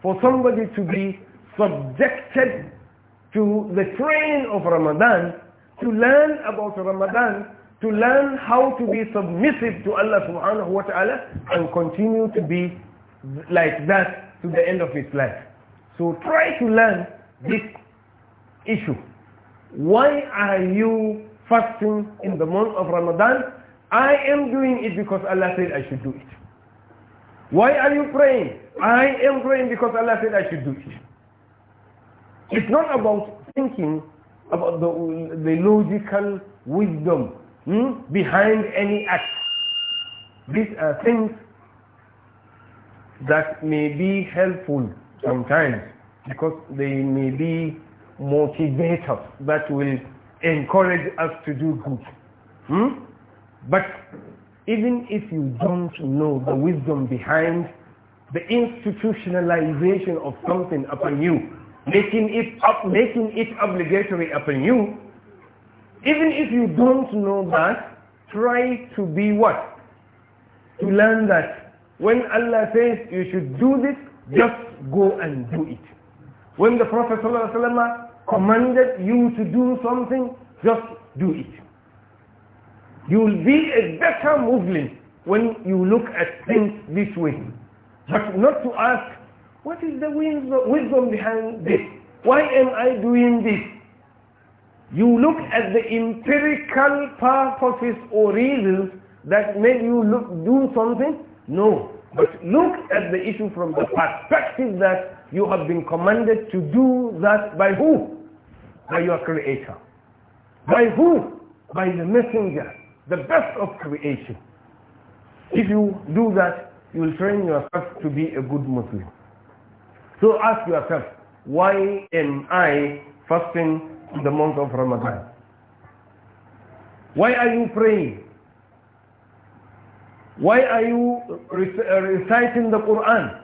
for somebody to be subjected to the training of Ramadan, to learn about Ramadan, to learn how to be submissive to Allah subhanahu wa ta'ala and continue to be like that to the end of his life. So try to learn this issue. Why are you fasting in the month of Ramadan? I am doing it because Allah said I should do it. Why are you praying? I am praying because Allah said I should do it. It's not about thinking about the, the logical wisdom hmm, behind any act. These are things that may be helpful sometimes because they may be motivators that will encourage us to do good. Hmm? But even if you don't know the wisdom behind the institutionalization of something upon you, making it, up, making it obligatory upon you, even if you don't know that, try to be what? To learn that when Allah says you should do this, just go and do it. When the Prophet ﷺ commanded you to do something, just do it. You will be a better Muslim when you look at things this way. But not to ask what is the wisdom behind this? Why am I doing this? You look at the empirical purposes or reasons that made you look, do something? No. But look at the issue from the perspective that you have been commanded to do that by who? By your creator. By who? By the messenger, the best of creation. If you do that, you will train yourself to be a good Muslim. So ask yourself, why am I fasting in the month of Ramadan? Why are you praying? Why are you uh, reciting the Quran?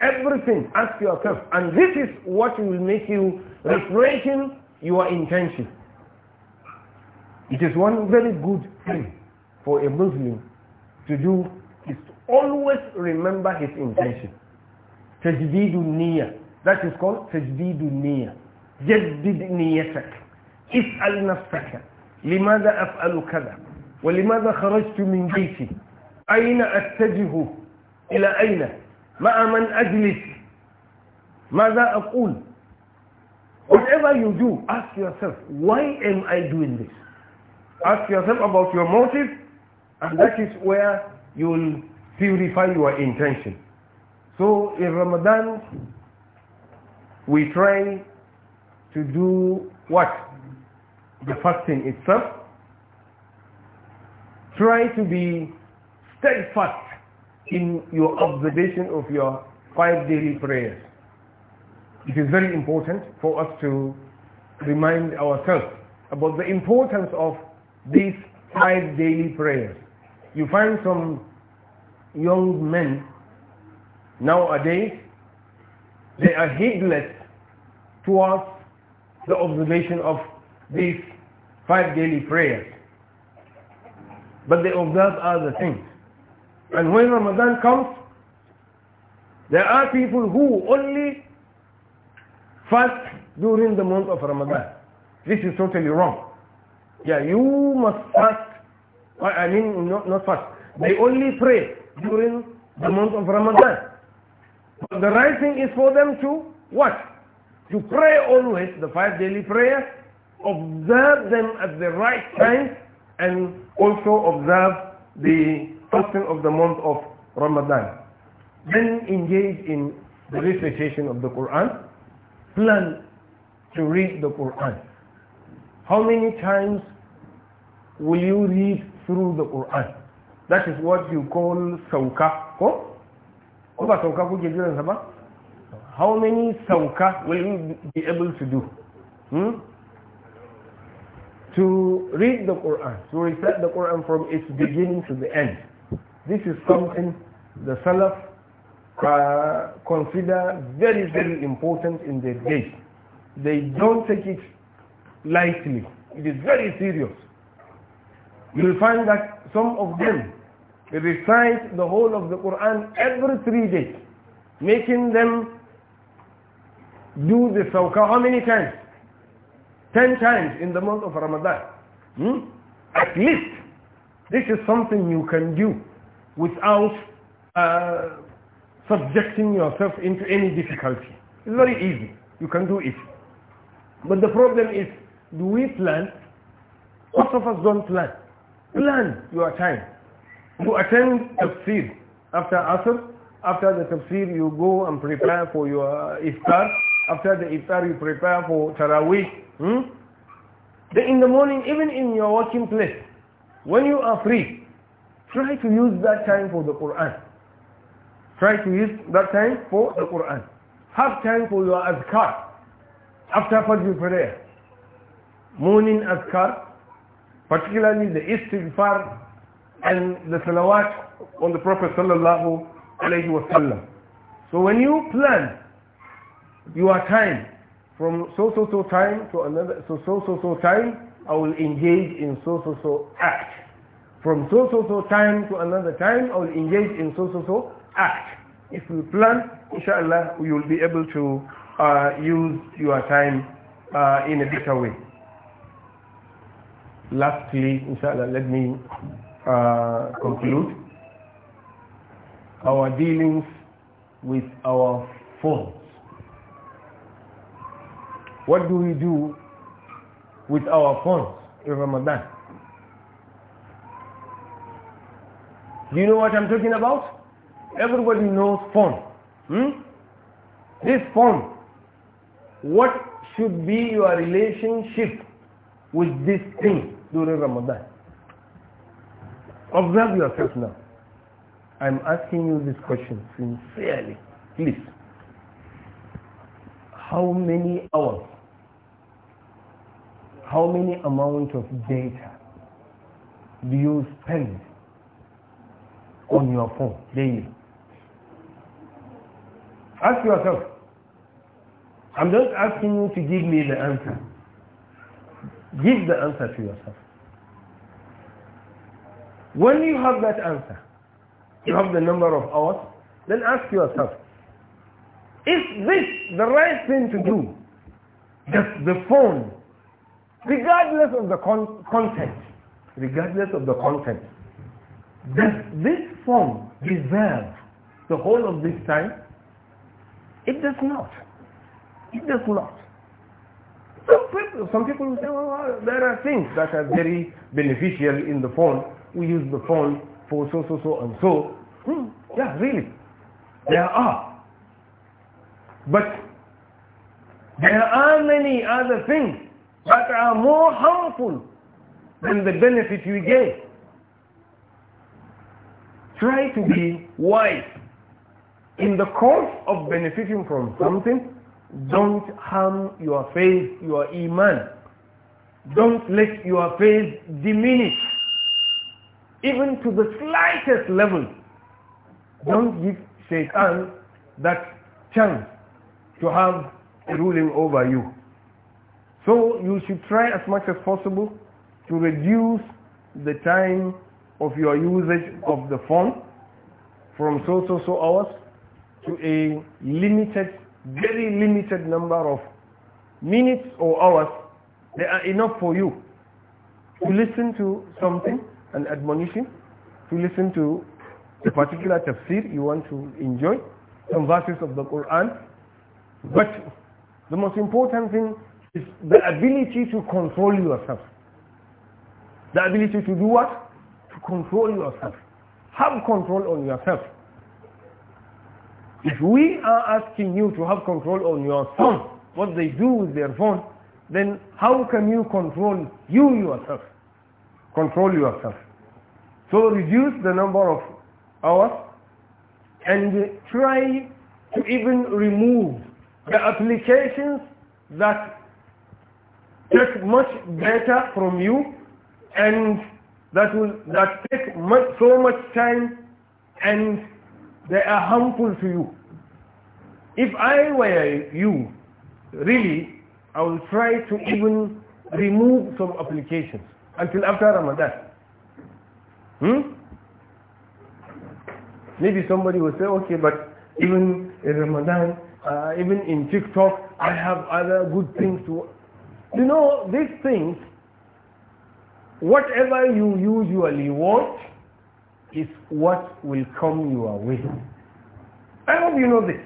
Everything, ask yourself. And this is what will make you refreshing your intention. It is one very good thing for a Muslim to do is to always remember his intention. تجديد النية that is called تجديد النية جدد نيتك اسأل نفسك لماذا أفعل كذا ولماذا خرجت من بيتي أين أتجه إلى أين مع من أجلس ماذا أقول whatever you do ask yourself why am I doing this ask yourself about your motive and that is where you will purify your intention So in Ramadan, we try to do what? The fasting itself. Try to be steadfast in your observation of your five daily prayers. It is very important for us to remind ourselves about the importance of these five daily prayers. You find some young men nowadays, they are heedless towards the observation of these five daily prayers. But they observe other things. And when Ramadan comes, there are people who only fast during the month of Ramadan. This is totally wrong. Yeah, you must fast. I mean, not, not fast. They only pray during the month of Ramadan the right thing is for them to what? To pray always the five daily prayers, observe them at the right time, and also observe the fasting of the month of Ramadan. Then engage in the recitation of the Quran. Plan to read the Quran. How many times will you read through the Quran? That is what you call sawka. Oh? ko sauka kuke ba how many sauka will you be able to do hmm? to read the Quran to recite the Quran from its beginning to the end this is something the Salaf uh, consider very very important in their day they don't take it lightly it is very serious you'll find that some of them we recite the whole of the Quran every three days, making them do the sawqa how many times? Ten times in the month of Ramadan. Hmm? At least this is something you can do without uh, subjecting yourself into any difficulty. It's very easy. You can do it. But the problem is, do we plan? Most of us don't plan. Plan your time to attend tafsir after asr after the tafsir you go and prepare for your uh, iftar after the iftar you prepare for taraweeh hmm? then in the morning even in your working place when you are free try to use that time for the quran try to use that time for the quran have time for your azkar after fajr prayer morning azkar particularly the istighfar and the salawat on the Prophet sallallahu alayhi wasallam. So when you plan your time from so so so time to another so so so so time, I will engage in so so so act. From so so so time to another time, I will engage in so so so act. If you plan, inshallah, you will be able to uh, use your time uh, in a better way. Lastly, inshallah, let me uh, conclude our dealings with our phones. What do we do with our phones in Ramadan? Do you know what I'm talking about? Everybody knows phone. Hmm? This phone. What should be your relationship with this thing during Ramadan? Observe yourself now. I'm asking you this question sincerely. Please. How many hours? How many amount of data do you spend on your phone daily? Ask yourself. I'm not asking you to give me the answer. Give the answer to yourself. When you have that answer, you have the number of hours, then ask yourself, is this the right thing to do? Does the phone, regardless of the con content, regardless of the content, does this phone deserve the whole of this time? It does not. It does not. Some people, some people will say, well, there are things that are very beneficial in the phone we use the phone for so, so, so, and so. Hmm, yeah, really. There are. But there are many other things that are more harmful than the benefit you get. Try to be wise. In the course of benefiting from something, don't harm your faith, your iman. Don't let your faith diminish even to the slightest level, don't give shaitan that chance to have a ruling over you. So you should try as much as possible to reduce the time of your usage of the phone from so so so hours to a limited, very limited number of minutes or hours that are enough for you to listen to something and admonition to listen to a particular tafsir you want to enjoy, some verses of the Quran. But the most important thing is the ability to control yourself. The ability to do what? To control yourself. Have control on yourself. If we are asking you to have control on your phone, what they do with their phone, then how can you control you yourself? Control yourself. So reduce the number of hours and try to even remove the applications that take much data from you and that will that take much, so much time and they are harmful to you. If I were you, really, I will try to even remove some applications until after Ramadan. Hmm? Maybe somebody will say, okay, but even in Ramadan, uh, even in TikTok, I have other good things to... You know, these things, whatever you usually watch, is what will come your way. I hope you know this.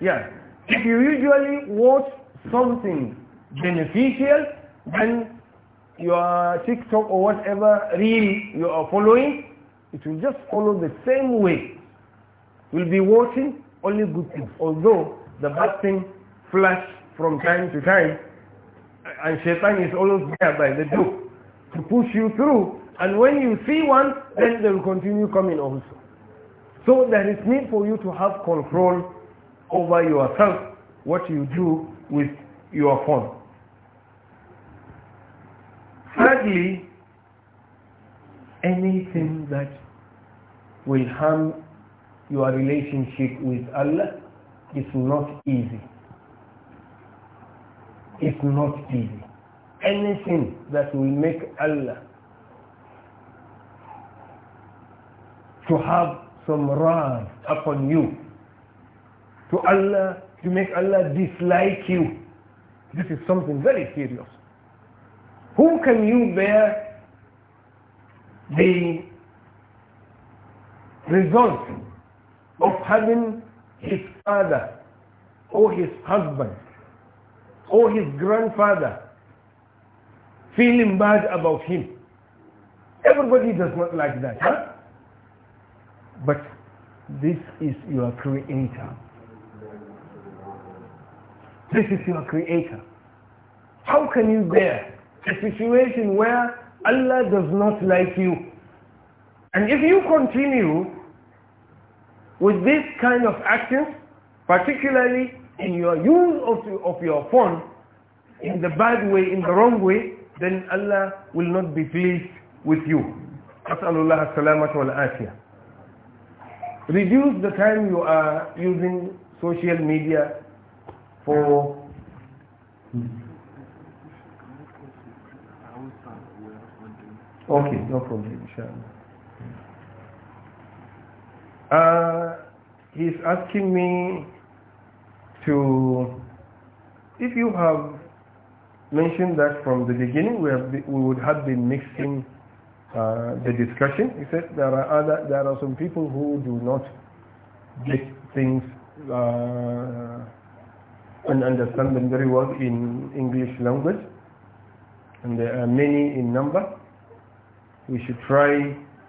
Yeah. If you usually watch something beneficial, then your TikTok or whatever reel you are following, it will just follow the same way. You'll be watching only good things, although the bad thing flash from time to time, and shaitan is always there by the door to push you through. And when you see one, then they will continue coming also. So there is need for you to have control over yourself, what you do with your phone. Thirdly, anything that will harm your relationship with Allah is not easy. It's not easy. Anything that will make Allah to have some wrath upon you, to Allah, to make Allah dislike you, this is something very serious. Who can you bear the result of having his father or his husband or his grandfather feeling bad about him. Everybody does not like that, huh? But this is your creator. This is your creator. How can you bear a situation where Allah does not like you. And if you continue with this kind of actions, particularly in your use of, of your phone, in the bad way, in the wrong way, then Allah will not be pleased with you. As'alullah salamat wal afiyah. Reduce the time you are using social media for Okay, no problem, inshallah. Uh, he's asking me to, if you have mentioned that from the beginning, we, have, we would have been mixing uh, the discussion. He said there are other, there are some people who do not get things uh, and understand them very well in English language, and there are many in number we should try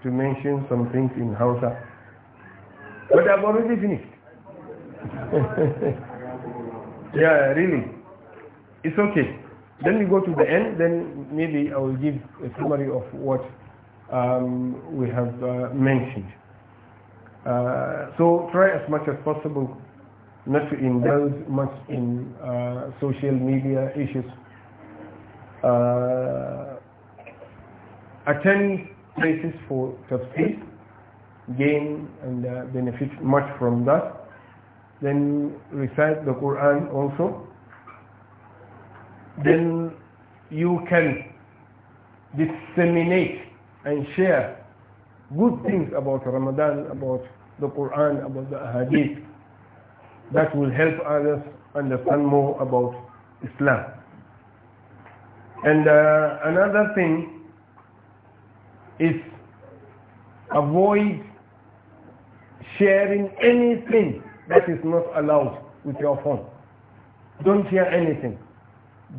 to mention some things in Hausa. But I've already finished. *laughs* yeah, really. It's okay. Then we go to the end, then maybe I will give a summary of what um, we have uh, mentioned. Uh, so try as much as possible not to indulge much in uh, social media issues. Uh, attend places for tafsir, gain and uh, benefit much from that. Then recite the Quran also. Then you can disseminate and share good things about Ramadan, about the Quran, about the Hadith. That will help others understand more about Islam. And uh, another thing is avoid sharing anything that is not allowed with your phone. Don't share anything.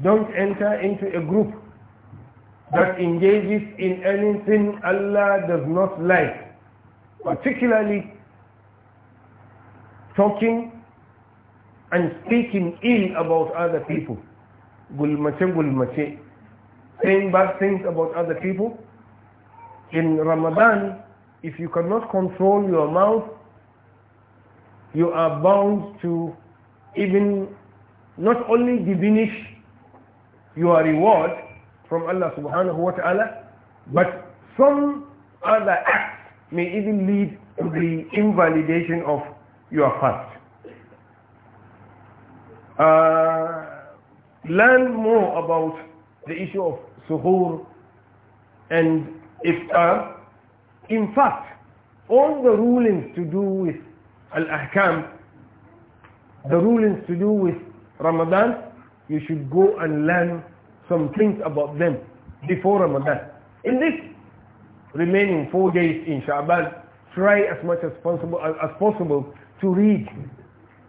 Don't enter into a group that engages in anything Allah does not like, particularly talking and speaking ill about other people. saying bad things about other people, in Ramadan, if you cannot control your mouth, you are bound to even not only diminish your reward from Allah subhanahu wa ta'ala, but some other acts may even lead to the invalidation of your fast. Uh, learn more about the issue of suhoor and iftar. Uh, in fact, all the rulings to do with al-ahkam, the rulings to do with Ramadan, you should go and learn some things about them before Ramadan. In this remaining four days in Shaban, try as much as possible, as possible to read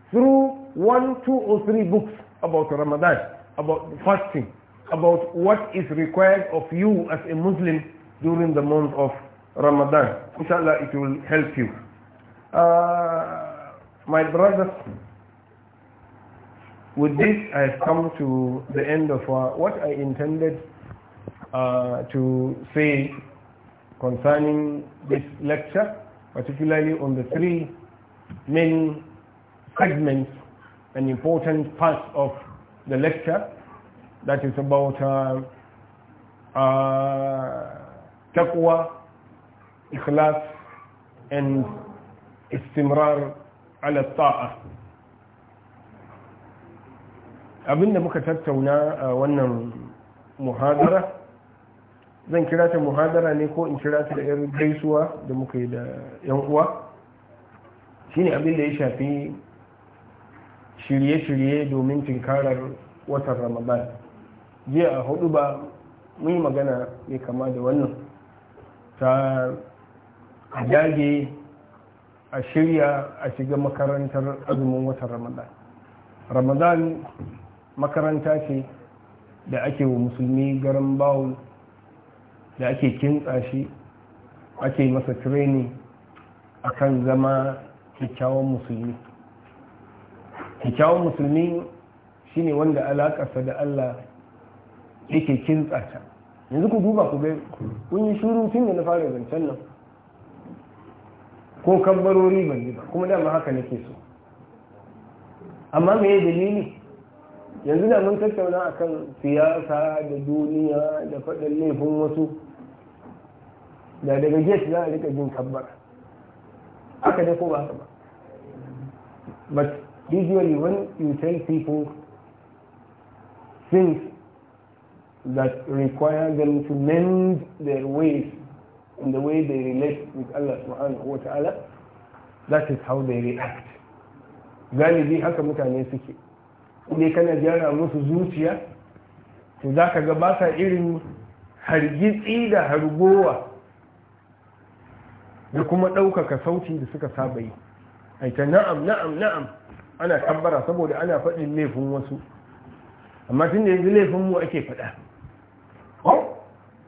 through one, two or three books about Ramadan, about fasting, about what is required of you as a Muslim during the month of Ramadan. Inshallah, it will help you. Uh, my brothers, with this I have come to the end of uh, what I intended uh, to say concerning this lecture, particularly on the three main segments and important parts of the lecture that is about uh, uh تقوى ikhlas and istimrar ala Abin abinda muka tattauna a wannan muhadara zan kira ta muhadara ne ko in kira ta da yan gaisuwa da muka yi da yan uwa shine da ya shafi shirye-shirye domin tinkarar watan ramadan jiya a hudu ba mun yi magana mai kama da wannan ta dage a shirya a shiga makarantar azumin watan ramadan ramadan makaranta ce da ake wa musulmi garin bawul da ake kintsa shi ake masa a kan zama kyakkyawan musulmi kyakkyawan musulmi shine wanda alakarsa da allah yake kintsa ta yanzu ku duba ku gai kun yi shuru tun da na fara zancen nan ko kabbarori ban yi ba kuma dama haka nake so amma me dalili yanzu da mun tattauna akan siyasa da duniya da faɗin laifin wasu da daga gefe za a rika jin kabbar haka dai ko ba haka ba but usually when you tell people things that require them to mend their ways in the way they relate with Allah subhanahu wa ta'ala that is how they react galibi haka mutane suke ne kana gyara musu zuciya to za ka ga ba sa irin hargitsi da hargowa da kuma ɗaukaka sauti da suka saba yi aita na'am na'am na'am ana tabbara saboda ana faɗin laifin wasu amma tun da yanzu laifin mu ake faɗa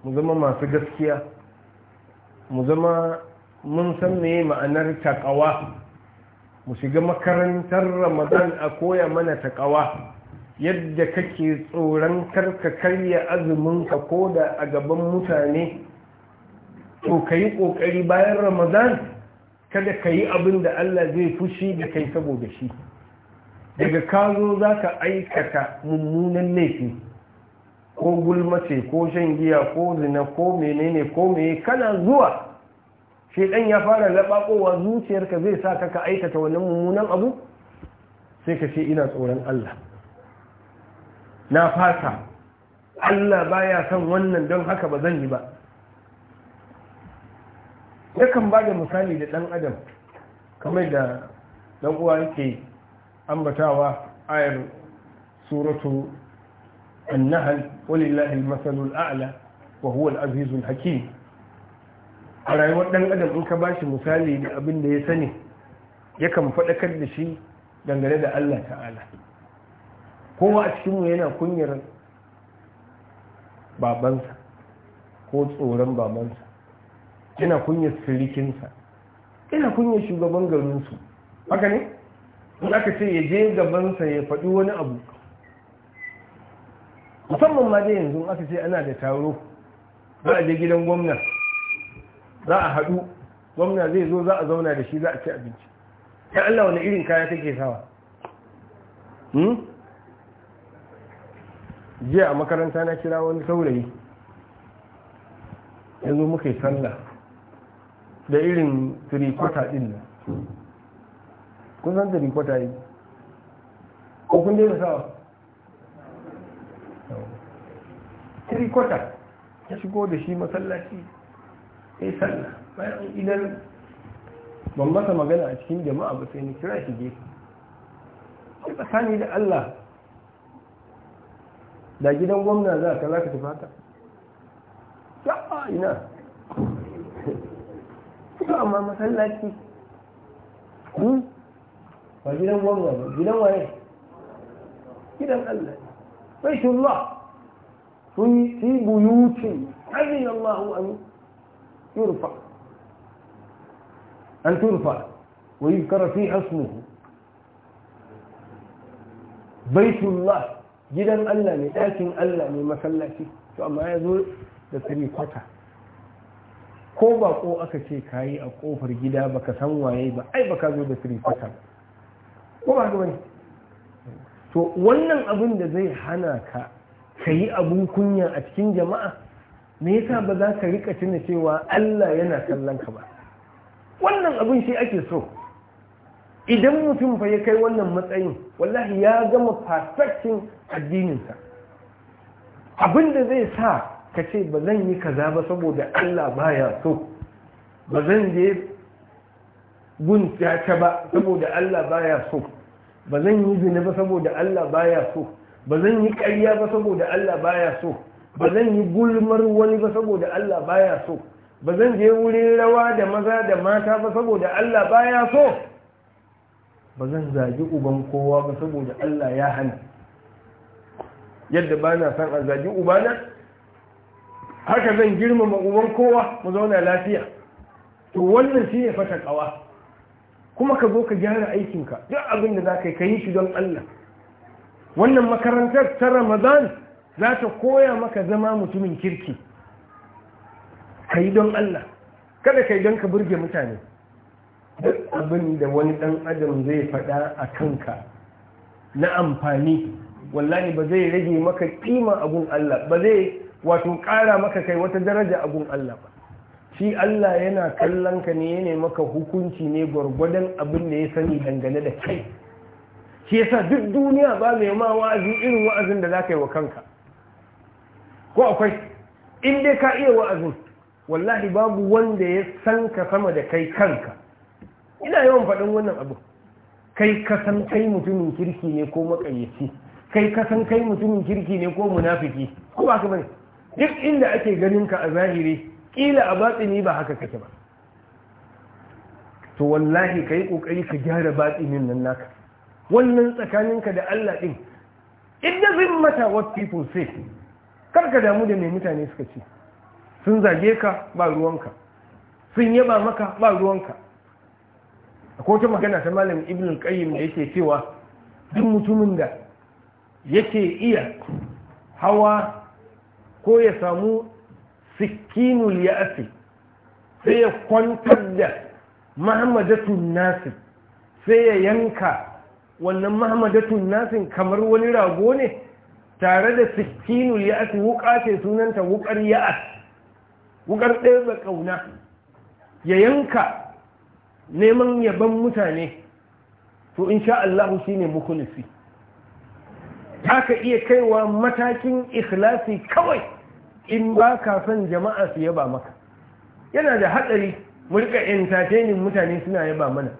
mu zama masu gaskiya mu zama mun san me ma'anar takawa mu shiga makarantar ramadan a koya mana takawa yadda kake tsoron karka karya azuminka ko da a gaban mutane to ka yi ƙoƙari bayan ramadan kada ka yi abin da allah zai fushi da kai saboda shi daga kazo za ka aikata mummunan laifi ko gulmace ko shan giya ko zina ko menene ko meye kana zuwa shedan ya fara labakowa zuciyarka zai sa ka ka aikata wannan mummunan abu sai ka ce ina tsoron Allah na fata Allah baya san wannan don haka ba zan yi ba yakan ba da misali da ɗan adam kamar da dan uwa yake ambatawa ayar suratu النهل ولله المثل الأعلى وهو العزيز الحكيم a rayuwar ɗan adam in ka bashi misali da abin da ya sani ya kan faɗakar da shi dangane da Allah ta'ala kowa a cikinmu yana kunyar babansa ko tsoron babansa yana kunyar sirikinsa yana kunyar shugaban garinsu haka ne in aka ce ya je gabansa ya faɗi wani abu musamman ma dai yanzu aka ce ana da taro za a je gidan gwamna za a haɗu gwamna zai zo za a zauna da shi za a ci abinci ya Allah wani irin kaya take sawa hmm? jiya a makaranta na kira wani saurayi ya zo muka yi sallah da irin tirikota din nan kun san tirikota yi ko kun daina sawa three kwata ya shigo da shi masallaci ya yi sallah bayan idan ban masa magana a cikin jama'a ba sai ni kira shi gefe sai tsakani da Allah da gidan gwamna za ka za ka tafi haka a ina su amma masallaci hm? ba gidan gwamna ba gidan waye gidan Allah bai shi Allah في في بيوت رضي الله أن يرفع أن ترفع ويذكر في اسمه بيت الله gidan Allah ne ɗakin Allah ne masallaci to amma ya zo da ko ba ko aka ce kayi a kofar gida ka san waye ba ai ka zo da ko ba ga wani to wannan abin da zai hana ka ka yi abun kunya a cikin jama'a me yasa ba za ka rika tuna cewa Allah yana kallon ka ba wannan abin shi ake so idan mutum fa ya kai wannan matsayin wallahi ya gama perfectin addininsa abin da zai sa ka ce ba zan yi kaza ba saboda Allah baya so ba zan je gun ta ba saboda Allah baya so ba zan yi zina ba saboda Allah baya so ba zan yi ƙarya ba saboda Allah baya so ba zan yi gulmar wani ba saboda Allah baya so ba zan je wurin rawa da maza da mata ba saboda Allah baya so ba zan zagi uban kowa ba saboda Allah ya hana yadda ba na san a zagi ubana haka zan girmama uban kowa mu zauna lafiya to wannan shi ne fata kawa kuma ka zo ka gyara aikinka duk abin da za ka yi ka yi shi don Allah wannan makarantar ta ramadan za ta koya maka zama mutumin kirki ka yi don allah kada ka yi don ka burge mutane duk abin da wani dan adam zai faɗa a kanka na amfani wallani ba zai rage maka kima abun allah ba zai wato ƙara maka kai wata daraja abun allah ba shi allah yana kallon ka ne ya maka hukunci ne gwargwadon abin da ya sani dangane da kai shi yasa duk duniya ba mai ma wa'azi irin wa'azin da za ka yi wa kanka ko akwai in dai ka iya wa'azin wallahi babu wanda ya san ka sama da kai kanka ina yawan faɗin wannan abu kai ka san kai mutumin kirki ne ko makayyaci kai ka san kai mutumin kirki ne ko munafiki ko ba ka bane duk inda ake ganin ka a zahiri kila a batsini ba haka kake ba to wallahi kai kokari ka gyara batsinin nan naka wannan tsakaninka da Allah ɗin zai mata what people say ka damu da mai mutane suka ce sun zage ka ba ruwanka sun yaba maka ba ruwanka akwai wata magana ta malam ibn qayyim da yake cewa duk mutumin da yake iya hawa ko ya samu sikinul ya'si sai ya kwantar da mahamadatun nasir sai ya yanka wannan mahamadatun nasin kamar wani rago ne tare da ya ake wuka ce sunanta wukar ya'at wukar ɗaya ba ƙauna ya yanka neman yaban mutane to insha Allah ne mukulisi aka iya kaiwa matakin ikhlasi kawai in ba ka son jama'a su yaba maka yana da haɗari murka entertaining mutane suna yaba mana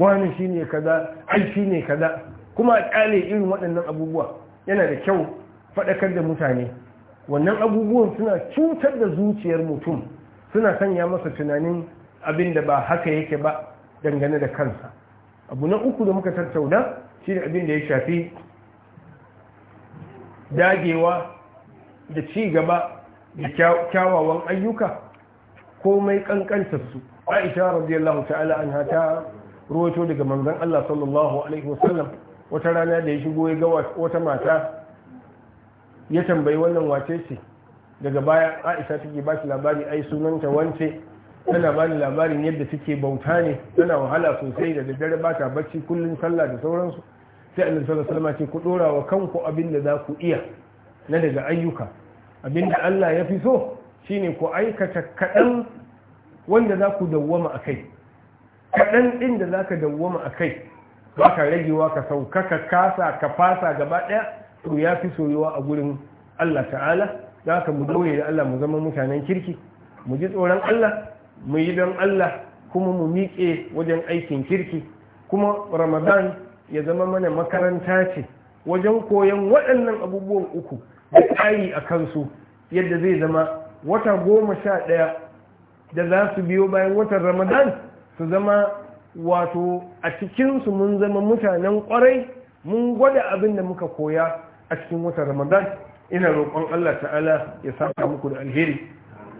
wani shi ne kaza ai shi ne kaza kuma a ƙyale irin waɗannan abubuwa yana da kyau faɗakar da mutane wannan abubuwan suna cutar da zuciyar mutum suna sanya masa tunanin abin da ba haka yake ba dangane da kansa abu na uku da muka tattauna shi ne abin da ya shafi dagewa da ci gaba da kyawawan ayyuka komai kankantar su aisha radiyallahu ta'ala an hata ruwato daga manzon Allah sallallahu alaihi wasallam wata rana da ya shigo ya ga wata mata ya tambayi wannan wace ce daga baya Aisha take ba shi labari ai sunanta wance tana ba labarin yadda take bauta ne tana wahala sosai da daddare ba ta bacci kullum sallah da sauransu sai annabi sallallahu alaihi ce ku dora wa kanku abin da za ku iya na daga ayyuka abin da Allah ya fi so shine ku aikata kaɗan wanda za ku dawwama a kai kaɗan ɗin da za ka dawwama a kai ba ka ragewa ka sauka ka kasa ka fasa gaba ɗaya to ya fi soyuwa a gurin Allah ta'ala za ka mu doye da Allah mu zama mutanen kirki mu ji tsoron Allah mu yi don Allah kuma mu miƙe wajen aikin kirki kuma ramadan ya zama mana makaranta ce wajen koyon waɗannan abubuwan uku da tsari a kansu yadda zai zama wata goma sha ɗaya da za su biyo bayan watan ramadan su zama wato a cikinsu mun zama mutanen kwarai mun gwada abin da muka koya a cikin watan ramadan ina roƙon allah ta'ala ya saka muku da alheri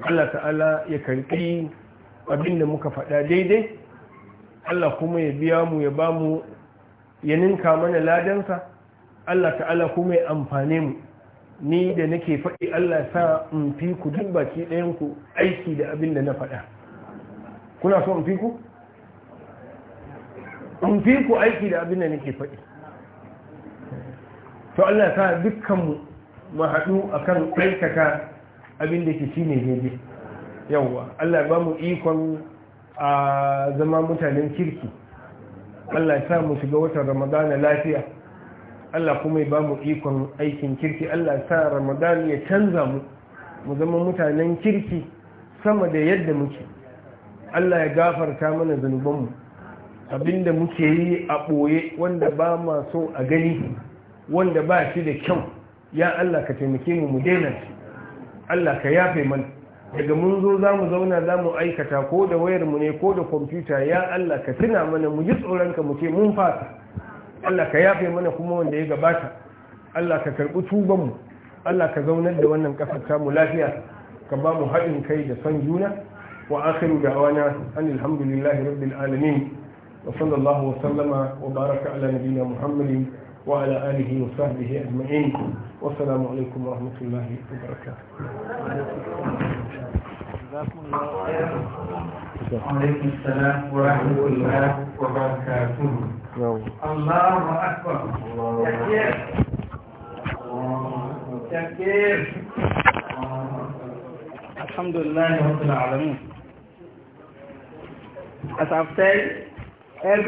allah ta'ala ya karɓi abin da muka faɗa daidai allah kuma ya biya mu ya ba mu ya ninka mana ladansa allah ta'ala kuma ya amfane mu ni da nake faɗi Allah sa in fi ku duk baki ɗayanku aiki da abin da na faɗa kuna so in fi ku in fi ku aiki da abin da nake faɗi to Allah ya sa dukkanmu mu haɗu akan aikaka abin da ke shi ne daidai yawwa Allah ya ba mu ikon a zama mutanen kirki Allah ya sa mu shiga watan Ramadan lafiya Allah kuma ya ba mu ikon aikin kirki Allah ya sa Ramadana ya canza mu mu zama mutanen kirki sama da yadda muke Allah ya gafarta mana zunubanmu abinda muke yi a ɓoye wanda ba ma so a gani wanda ba shi da kyau ya Allah ka taimake mu mu daina shi Allah ka yafe mana daga mun zo za mu zauna za mu aikata ko da wayar mu ne ko da kwamfuta ya Allah ka tuna mana mu ji tsoronka mu ce mun fata Allah ka yafe mana kuma wanda ya gabata Allah ka karɓi tubanmu Allah ka zaunar da wannan ƙasar mu lafiya ka ba mu haɗin kai da son juna wa akhiru da'wana alhamdulillahi rabbil alamin وصلى الله وسلم وبارك على نبينا محمد وعلى آله وصحبه أجمعين والسلام عليكم ورحمة الله وبركاته وعليكم السلام ورحمة الله وبركاته نعم. الله أكبر تكبير تكبير الحمد لله رب العالمين أسعفتي as